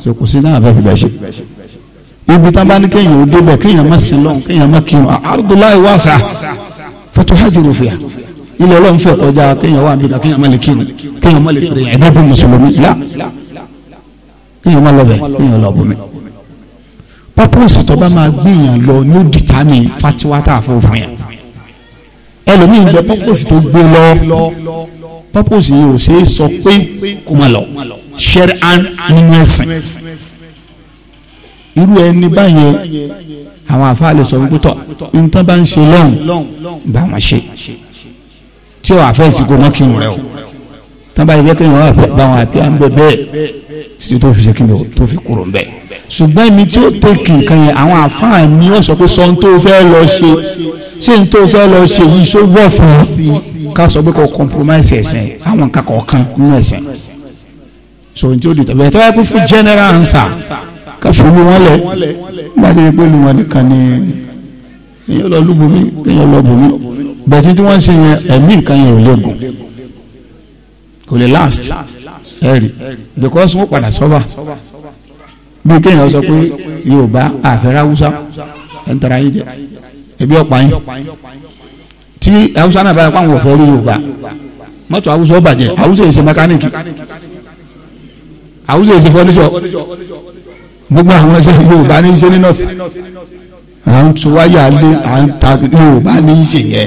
[SPEAKER 1] so kò sí náà fẹ́ fi bẹ̀ ṣe ibi tá a bá ní kéèyàn ó débẹ̀ kéèyàn má sin lọ́hùn kéèyàn má kírun ardullahi wasa fatuhajiru fiha ilẹ̀ ọlọ́run fẹ́ kọjá kéèyàn wà níbi kan kéèyàn má lè kírun kéèyàn má lè fèrè ẹ̀dá bí mùsùlùmí là kéèyàn má lọ bẹ̀ kéèyàn lọ bùnmi pọ́pọ́sì tó bá máa gbìyàn lọ ní ó dìtámì fatiwa tá a fò fún yà ẹlòmíì gbẹ pọ́pọ́sì tó gbé lọ pọ́pọ́sì yìí ò ṣe é sọ pé
[SPEAKER 2] kò má lọ ṣẹ́rí án nínú ẹ̀sìn
[SPEAKER 1] irú ẹni báyẹn àwọn àfa lè sọ wípé tọ
[SPEAKER 2] nǹkan bá ń ṣe lọ́hùn
[SPEAKER 1] bá wọn ṣe tí ó àfẹ́ ti kó mọ́kì rẹ o tán bá yẹ kí wọ́n bá wọn àbí à ń bẹ bẹ́ẹ̀ títí tó fi ṣe kíni o tó fi kúrò ń bẹ. ṣùgbọ́n ẹni tí ó tẹ̀kì nǹkan yẹn àwọn àfáà ni wọ́n sọ pé sọ ohun tó fẹ́ lọ ṣe ṣé ohun tó fẹ́ lọ ṣe yìí ṣó wọ̀ fún ká sọ pé kò compromise ẹ̀sìn àwọn nǹkan kọ̀ọ̀kan nínú ẹ̀sìn. sọ ohun tí ó di tàbí ẹ̀ tọ́wọ́ fún general answer ká fi mú wọn lẹ̀ nígbà tó yẹ pé olùwọ̀n nìkan ni èèyàn lọ lúbomi èèyàn lọ bomi bẹ̀tí tí wọ́n ṣe yẹn ẹ̀mí nǹkan yẹn ò lè gùn kò lè last ẹ̀rì because wọ́n padà sọ́ba
[SPEAKER 2] bí kéèyàn sọ pé yorùbá àfẹ́rẹ́ haúsá
[SPEAKER 1] ẹ̀ ń tara yín jẹ ebi ọ̀pá yín tí haúsá náà báyìí pàwọn ọ̀fẹ́ rí yorùbá mọ́tò haúsá ó bàjẹ́ haúsá èsè mẹkáníìkì haúsá èsè fọ́níṣọ̀ gbogbo àwọn ẹsẹ̀ yorùbá ní í ṣe ní north à ń tún wáyà lé à ń ta yorùbá ní í ṣe yẹ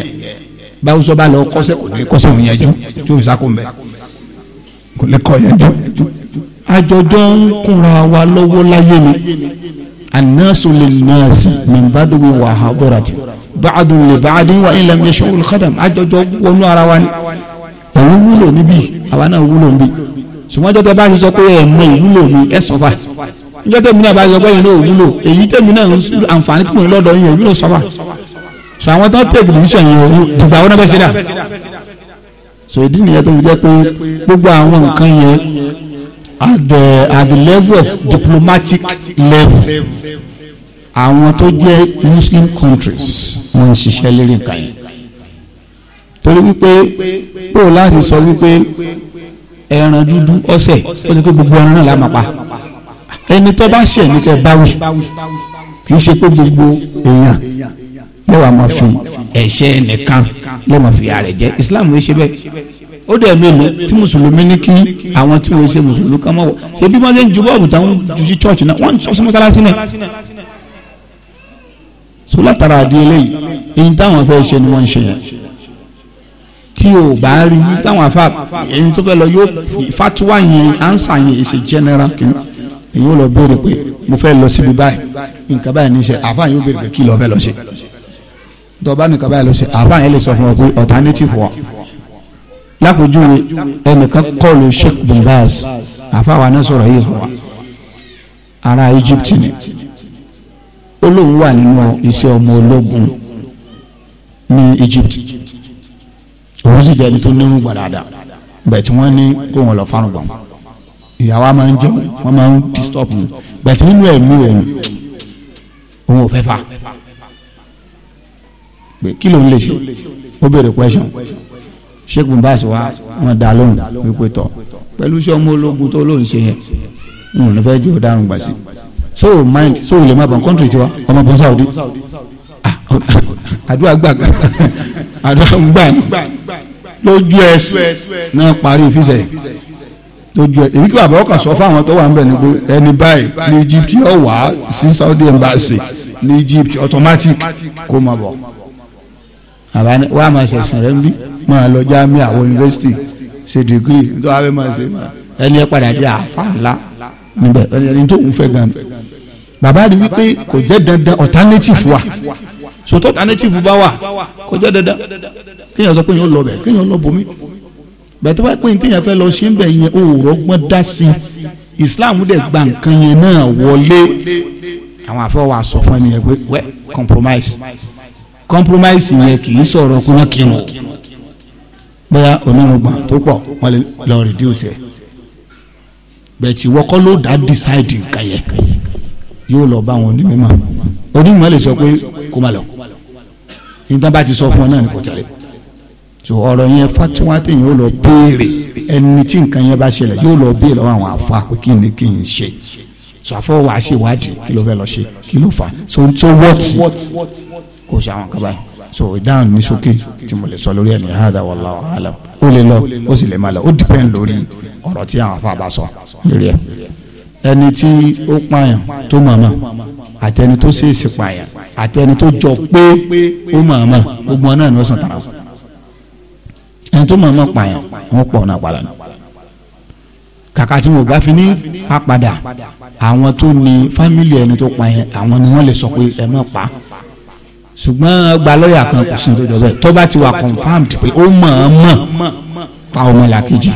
[SPEAKER 1] báwùsọ bá lọ kọ́sẹ̀ kò ní kọ́sẹ̀ òun yẹn jù tí òun sá kó ń kò lè kọ́ yẹn jù àjọjọ́ ń kúnra wa lọ́wọ́ láyé ni le linnasi min badawi wa hadarati ba'dun li ba'din wa in lam yashu al-qadam àjọjọ́ wọnú ara wa ni òun wúlò níbí àwa náà wúlò níbí ṣùgbọ́n jọ́tẹ́ bá ṣe sọ pé ẹ̀ mọ ìlú lò ní ẹ̀ sọ́fà jọ́tẹ́ mi náà bá ṣe sọ pé ìlú òwúlò èyí tẹ̀mí náà àǹfààní kùnrin lọ́dọ̀ yẹn òwúlò sọ́fà ṣùgbọ́n àwọn tó ń tẹ̀ tẹlifíṣàn yẹn òwú dùgbà wọn náà bẹ́ ṣe dà so ìdí nìyẹn tó fi jẹ́ pé gbogbo àwọn nǹkan yẹn
[SPEAKER 2] at the at the level of diplomatic level
[SPEAKER 1] àwọn tó jẹ́ muslim countries wọ́n ń ṣiṣẹ́ lérí nǹkan yẹn torí wípé pé o láti sọ wípé ẹran dúdú ọ̀sẹ̀ ó ti pé gbogbo ẹran náà la máa pa ẹni tó bá ṣẹ̀ ní kẹ́ báwí kì í ṣe pé gbogbo èèyàn lẹ́wà máa fi ẹ̀ṣẹ̀ nìkan lẹ́wà máa fi ààrẹ jẹ́ islam ń ṣe bẹ́ẹ̀ ó dẹ̀ mélòó tí mùsùlùmí ní kí àwọn tí wọ́n ṣe mùsùlùmí kan mọ̀ wọ̀ ṣe bí wọ́n ṣe ń ju bọ́ọ̀bù táwọn ju sí chọ́ọ̀chì náà wọ́n sọ sí mọ́sálásí náà so látara àdé eléyìí èyí táwọn fẹ́ ṣe ni wọ́n ń ṣe yẹn tí o bá rí i táwọn afa èyí tó fẹ́ lọ yóò fatuwa yẹn ansa yẹn èsì general kìnnìkan èyí ó lọ béèrè pé mo fẹ́ lọ síbi báyìí nǹkan báyìí ní í àfa yóò béèrè pé kí lọ fẹ́ lọ ṣe dọ̀bá nìkan báyìí ló ṣe àbá yẹn lè sọ fún ọ pé alternative wa lápòjúwe ẹnìkan kọlu Sheikh bin Baz àfàwà náà sọ̀rọ̀ yìí fún wa ará Egypt ni ó wà nínú iṣẹ́ ọmọ ológun ní Egypt òun sì jẹ́ ẹni tó nírun gbàdàdà bẹ́ẹ̀ tí wọ́n ní kó wọn lọ fárùn gbọ̀n ìyàwó a máa ń jẹun wọ́n máa ń disturb bẹ́ẹ̀ tí nínú ẹ̀mí òun òun ò fẹ́ fà á pé kí ló ń lè ṣe ó béèrè question sheikh mubasi wa wọn dá lóhùn wípé tọ pẹ̀lú iṣẹ́ ọmọ ológun tó lóhùn ṣe yẹn n ò ní fẹ́ jẹ́ ọ̀daràn gbà sí so mind so lè má bọ̀ country tiwa ọmọ bọ̀ Saudi ah, àdúrà gbà àdúrà gbà lójú ẹsẹ̀
[SPEAKER 2] náà parí ìfisẹ̀
[SPEAKER 1] lójú ẹ èmi kí bàbá ọkàn sọ fáwọn tó wà ń bẹ ni pé ẹni báyìí ní Egypt yóò wá sí Saudi embassy ní Egypt automatic kó má bọ̀ àbá ní wàá máa ṣẹ̀sìn rẹ̀ ń bí máa lọ jáàmì àwọn yunifásitì ṣe dìgírì tó wàá fẹ́ máa ṣe ẹni ẹ padà di àáfà ńlá níbẹ̀ ẹni tó ń fẹ́ gan mi. bàbá rí wípé kò jẹ́ dandan alternative wa sòtò alternative bá wà kò jẹ́ dandan kéèyàn sọ pé yóò lọ bẹ̀ kéèyàn lọ bomi bẹ́ẹ̀ tó bá pè ní téèyàn fẹ́ lọ ṣe ń bẹ̀ yẹn òòrọ̀ gbọ́n dá sí i Islam dẹ̀ gba nǹkan yẹn náà wọlé àwọn àfẹ́ wa sọ fún ẹni yẹn pé wẹ́ compromise. compromise compromise yẹn kì í sọ̀rọ̀ kó má kírun bóyá onírúgbọ̀n tó pọ̀ wọ́n lè lọ reduce ẹ̀ bẹ̀tì wọ́kọ́ ló dá decide nǹkan yẹn yóò lọ bá wọn onímọ̀ onímọ̀ lè sọ pé kó má lọ nígbà bá ti sọ fún ọ náà ni kò tẹ̀lé so ọ̀rọ̀ yẹn fatiwa tẹ̀yìn yóò lọ béèrè ẹni tí nǹkan yẹn bá ṣẹlẹ̀ yóò lọ béèrè lọ́wọ́ àwọn afa pé kí ni kí n ṣe so àfọwọ́ wa ṣèwádìí kí ló fẹ́ lọ ṣe kí ló fà so so what. what, what, what kó o ṣe àwọn kaba yìí so ìdáhùn ní ṣókè tí mo lè sọ lórí ẹni hada wallahu alam ó lè lọ ó sì lè má lọ ó dìpẹ́ǹ lórí ọ̀rọ̀ tí àwọn afa bá sọ lórí ẹ ẹni tí ó pààyàn tó màmá àtẹni tó ṣèèṣì pààyàn àtẹni tó jọ pé ó màmá gbogbo náà ni ó sàn tara ẹni tó màmá pààyàn wọn pọ̀ náà padà náà kàkà tí wọn bá fi ní apàdà àwọn tó ní fámìlì ẹni tó pa àwọn ni wọn lè sọ pé ẹ má pa ṣùgbọ́n gba lọ́ọ̀yà kan kò sùn lójọ bẹ́ẹ̀ tó bá ti wà confirmed pé ó mọ̀ ọ́n mọ̀ pa ọmọ làkejì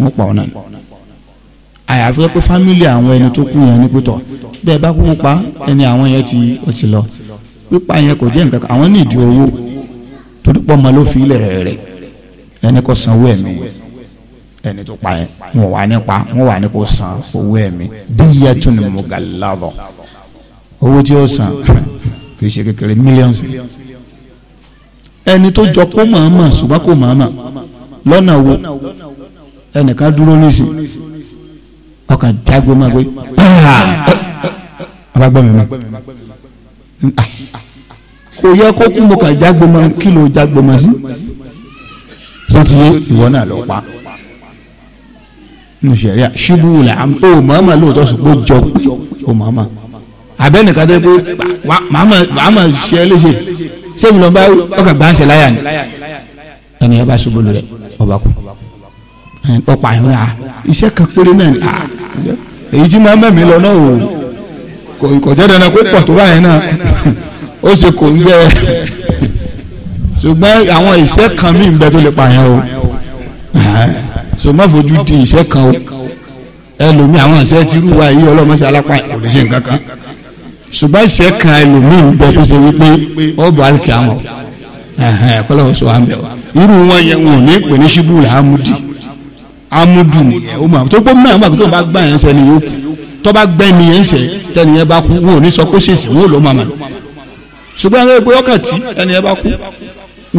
[SPEAKER 1] wọ́n pa ọ̀nà ni àyàfi pé fámìlì àwọn ẹni tó kú yẹn ní pẹ́tọ̀ bẹ́ẹ̀ bá kú pa ẹni àwọn yẹn ti ó ti lọ pípa yẹn kò jẹ́ nǹkan kan àwọn ní ìdí owó torí pọ́ ọmọ ló fi ilẹ̀ rẹ̀ rẹ̀ ẹni kò sanwó ẹ̀mí ẹni tó pa ẹ̀ wọ́n wà ní pa wọ́n wà ní kò san owó ẹ̀mí díyẹ́tùnú mọ̀gàlávọ̀ owó tí ó san kì ṣe kékeré millions ẹni tó jọ kó màmá ṣùgbọ́n kó màmá lọ́nà wo ẹnìkan dúró nísìn ọkàn jágbe máa gbé abagbọ́n mi ma kò yẹ kó kú mo kà jágbe máa kí ló jágbe máa sí tó ti yé ìwọ náà lọ pa nù sẹ̀ríà ṣíbù làám ó màmá lóòótọ́ ṣùgbọ́n jọ pé ó màmá abẹ́nìkan tó pé màá mà ṣe é léṣe ṣé mi lọ bá ọkà gbáǹṣẹ láyà ni ènìyàn bá ṣubú lulẹ̀ ọba kú ọ̀pọ̀ àyàn à iṣẹ́ kan péré náà à ah, èyí tí máa mẹ́mí lọ náà ò kò jẹ́ dandan kó pọ̀ tó báyìí náà ó ṣe kò ń jẹ́ ṣùgbọ́n àwọn iṣẹ́ kan mí ń tó lè pààyàn o so fojú di iṣẹ́ kan o ẹlòmíì àwọn iṣẹ́ tìrú wa yìí ọlọ́mọṣẹ́ alápá kò lè ṣe nǹkan kan ṣùgbọ́n ìṣẹ́ kan ẹlòmíì bẹ tó ṣe wípé ó bọ̀ àlùkí àmọ̀ kọ́lọ́ sọ àmì irú wọn yẹn wọn ò ní pè ní ṣubú là ámúdì ámúdù nìyẹn ó máa tó gbọ́ mẹ́rin wà tó bá gbà yẹn sẹ́ni yóò ni yẹn sẹ́ tẹ́ni yẹn bá kú wọn yẹn bá wọn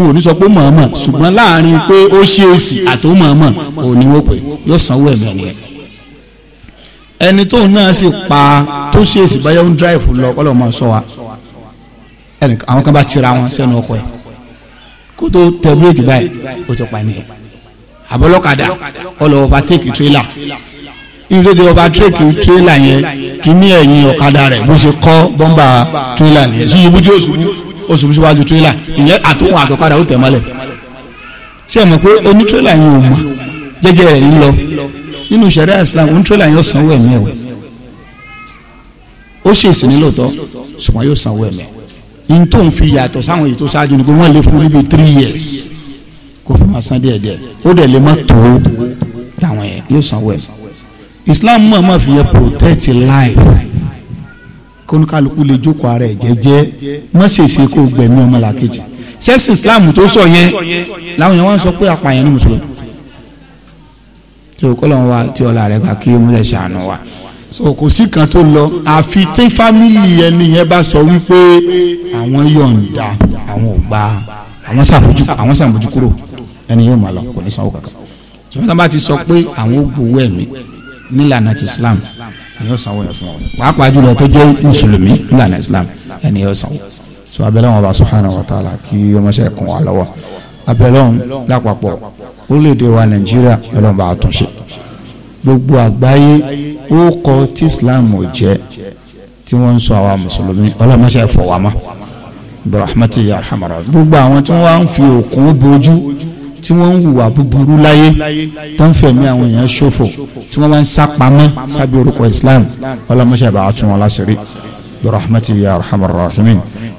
[SPEAKER 1] ò ní sọ pé màmá ṣùgbọ́n láàrin pé ó ṣèṣì àtó màmá òun ni wọ́n pè yóò sanwó ẹ̀mí ẹ̀ ẹni tóun náà sì pa tó ṣe èsì báyà ń dráìfù lọ kọ́lọ̀ máa sọ wa ẹnì àwọn kan bá tira wọn sẹ́nu ọkọ̀ ẹ̀ kó tó tẹ bíréèkì báyìí ó ti pa nìyẹn àbọ̀lọ́kadà ọlọ́ ọba téèkì tírélà ìrèdè ọba téèkì tírélà yẹn kì í ní ẹ̀yìn ọ̀kadà rẹ̀ bó ṣe kọ́ bọ́mbà tírélà nìyẹn ṣùṣùbù tí oṣù oṣù wájú tírélà ìyẹn àtòkùn àtọ̀kadà ó tẹ̀ mọ́lẹ̀ ṣé ẹ mọ̀ pé oní yẹn ò mọ̀ jẹ́jẹ́ rẹ̀ ń lọ nínú sẹ̀ríà Islam ó ń tírélà yóò sanwó ẹ̀mí ẹ̀ o ó ṣe ìsìn lóòótọ́ ṣùgbọ́n yóò sanwó ẹ̀mí n tó ń fi yàtọ̀ sáwọn èyí tó ṣáájú ni pé wọ́n lè fún níbi three years kò fi máa san díẹ̀ díẹ̀ ó dẹ̀ lè má tó táwọn yẹn yóò sanwó ẹ̀mí Islam mọ̀ máa fi yẹ protect life kónúkálukú lè jókòó ara ẹ̀ jẹ́jẹ́ má ṣèṣe kó gbẹ̀mí ọmọlàkejì sẹ́sìn Islam tó sọ yẹn làwọn yẹn wá ń sọ pé apààyàn ní mùsùlùmí so kọ́lọ́n wa tí ọlá rẹ̀ kà kí ó múlẹ̀ ṣàánú wa. so kò sí kan tó lọ àfi tí fámìlì ẹni yẹn bá sọ wípé àwọn yọ̀ǹda àwọn ò gbà àwọn sàmójú àwọn sàmójú kúrò ẹni yóò máa lọ kò ní sanwó kankan sọfún tá a bá ti sọ pé àwọn ó gbowó nílànà ti Islam ẹni yóò sanwó yẹn fún ọ pàápàá jùlọ tó jẹ́ mùsùlùmí nílànà Islam ẹni yóò sanwó so abẹ́lẹ́ wọn bá subhanahu wa ta'ala kí ọmọọṣẹ́ kún wa lọ́wọ́ abẹ́lẹ́ wọn lápapọ̀ orílẹ̀-èdè wa nàìjíríà ọlọ́mọba àtúnṣe gbogbo àgbáyé ó kọ tí islam ò jẹ́ tí wọ́n ń sọ àwa mùsùlùmí ọlọ́mọṣẹ́ fọwọ́mọ́ ibrahimati yarhamara gbogbo àwọn tí wọ́n ń fi òkun bojú tí wọ́n ń hùwà búburú láyé tó ń fẹ̀mí àwọn èèyàn ṣòfò tí wọ́n bá ń sápamọ́ sábẹ́ orúkọ islam ọlọ́mọṣẹ́ bá a tún wọn láṣìírí ibrahimati yarhamara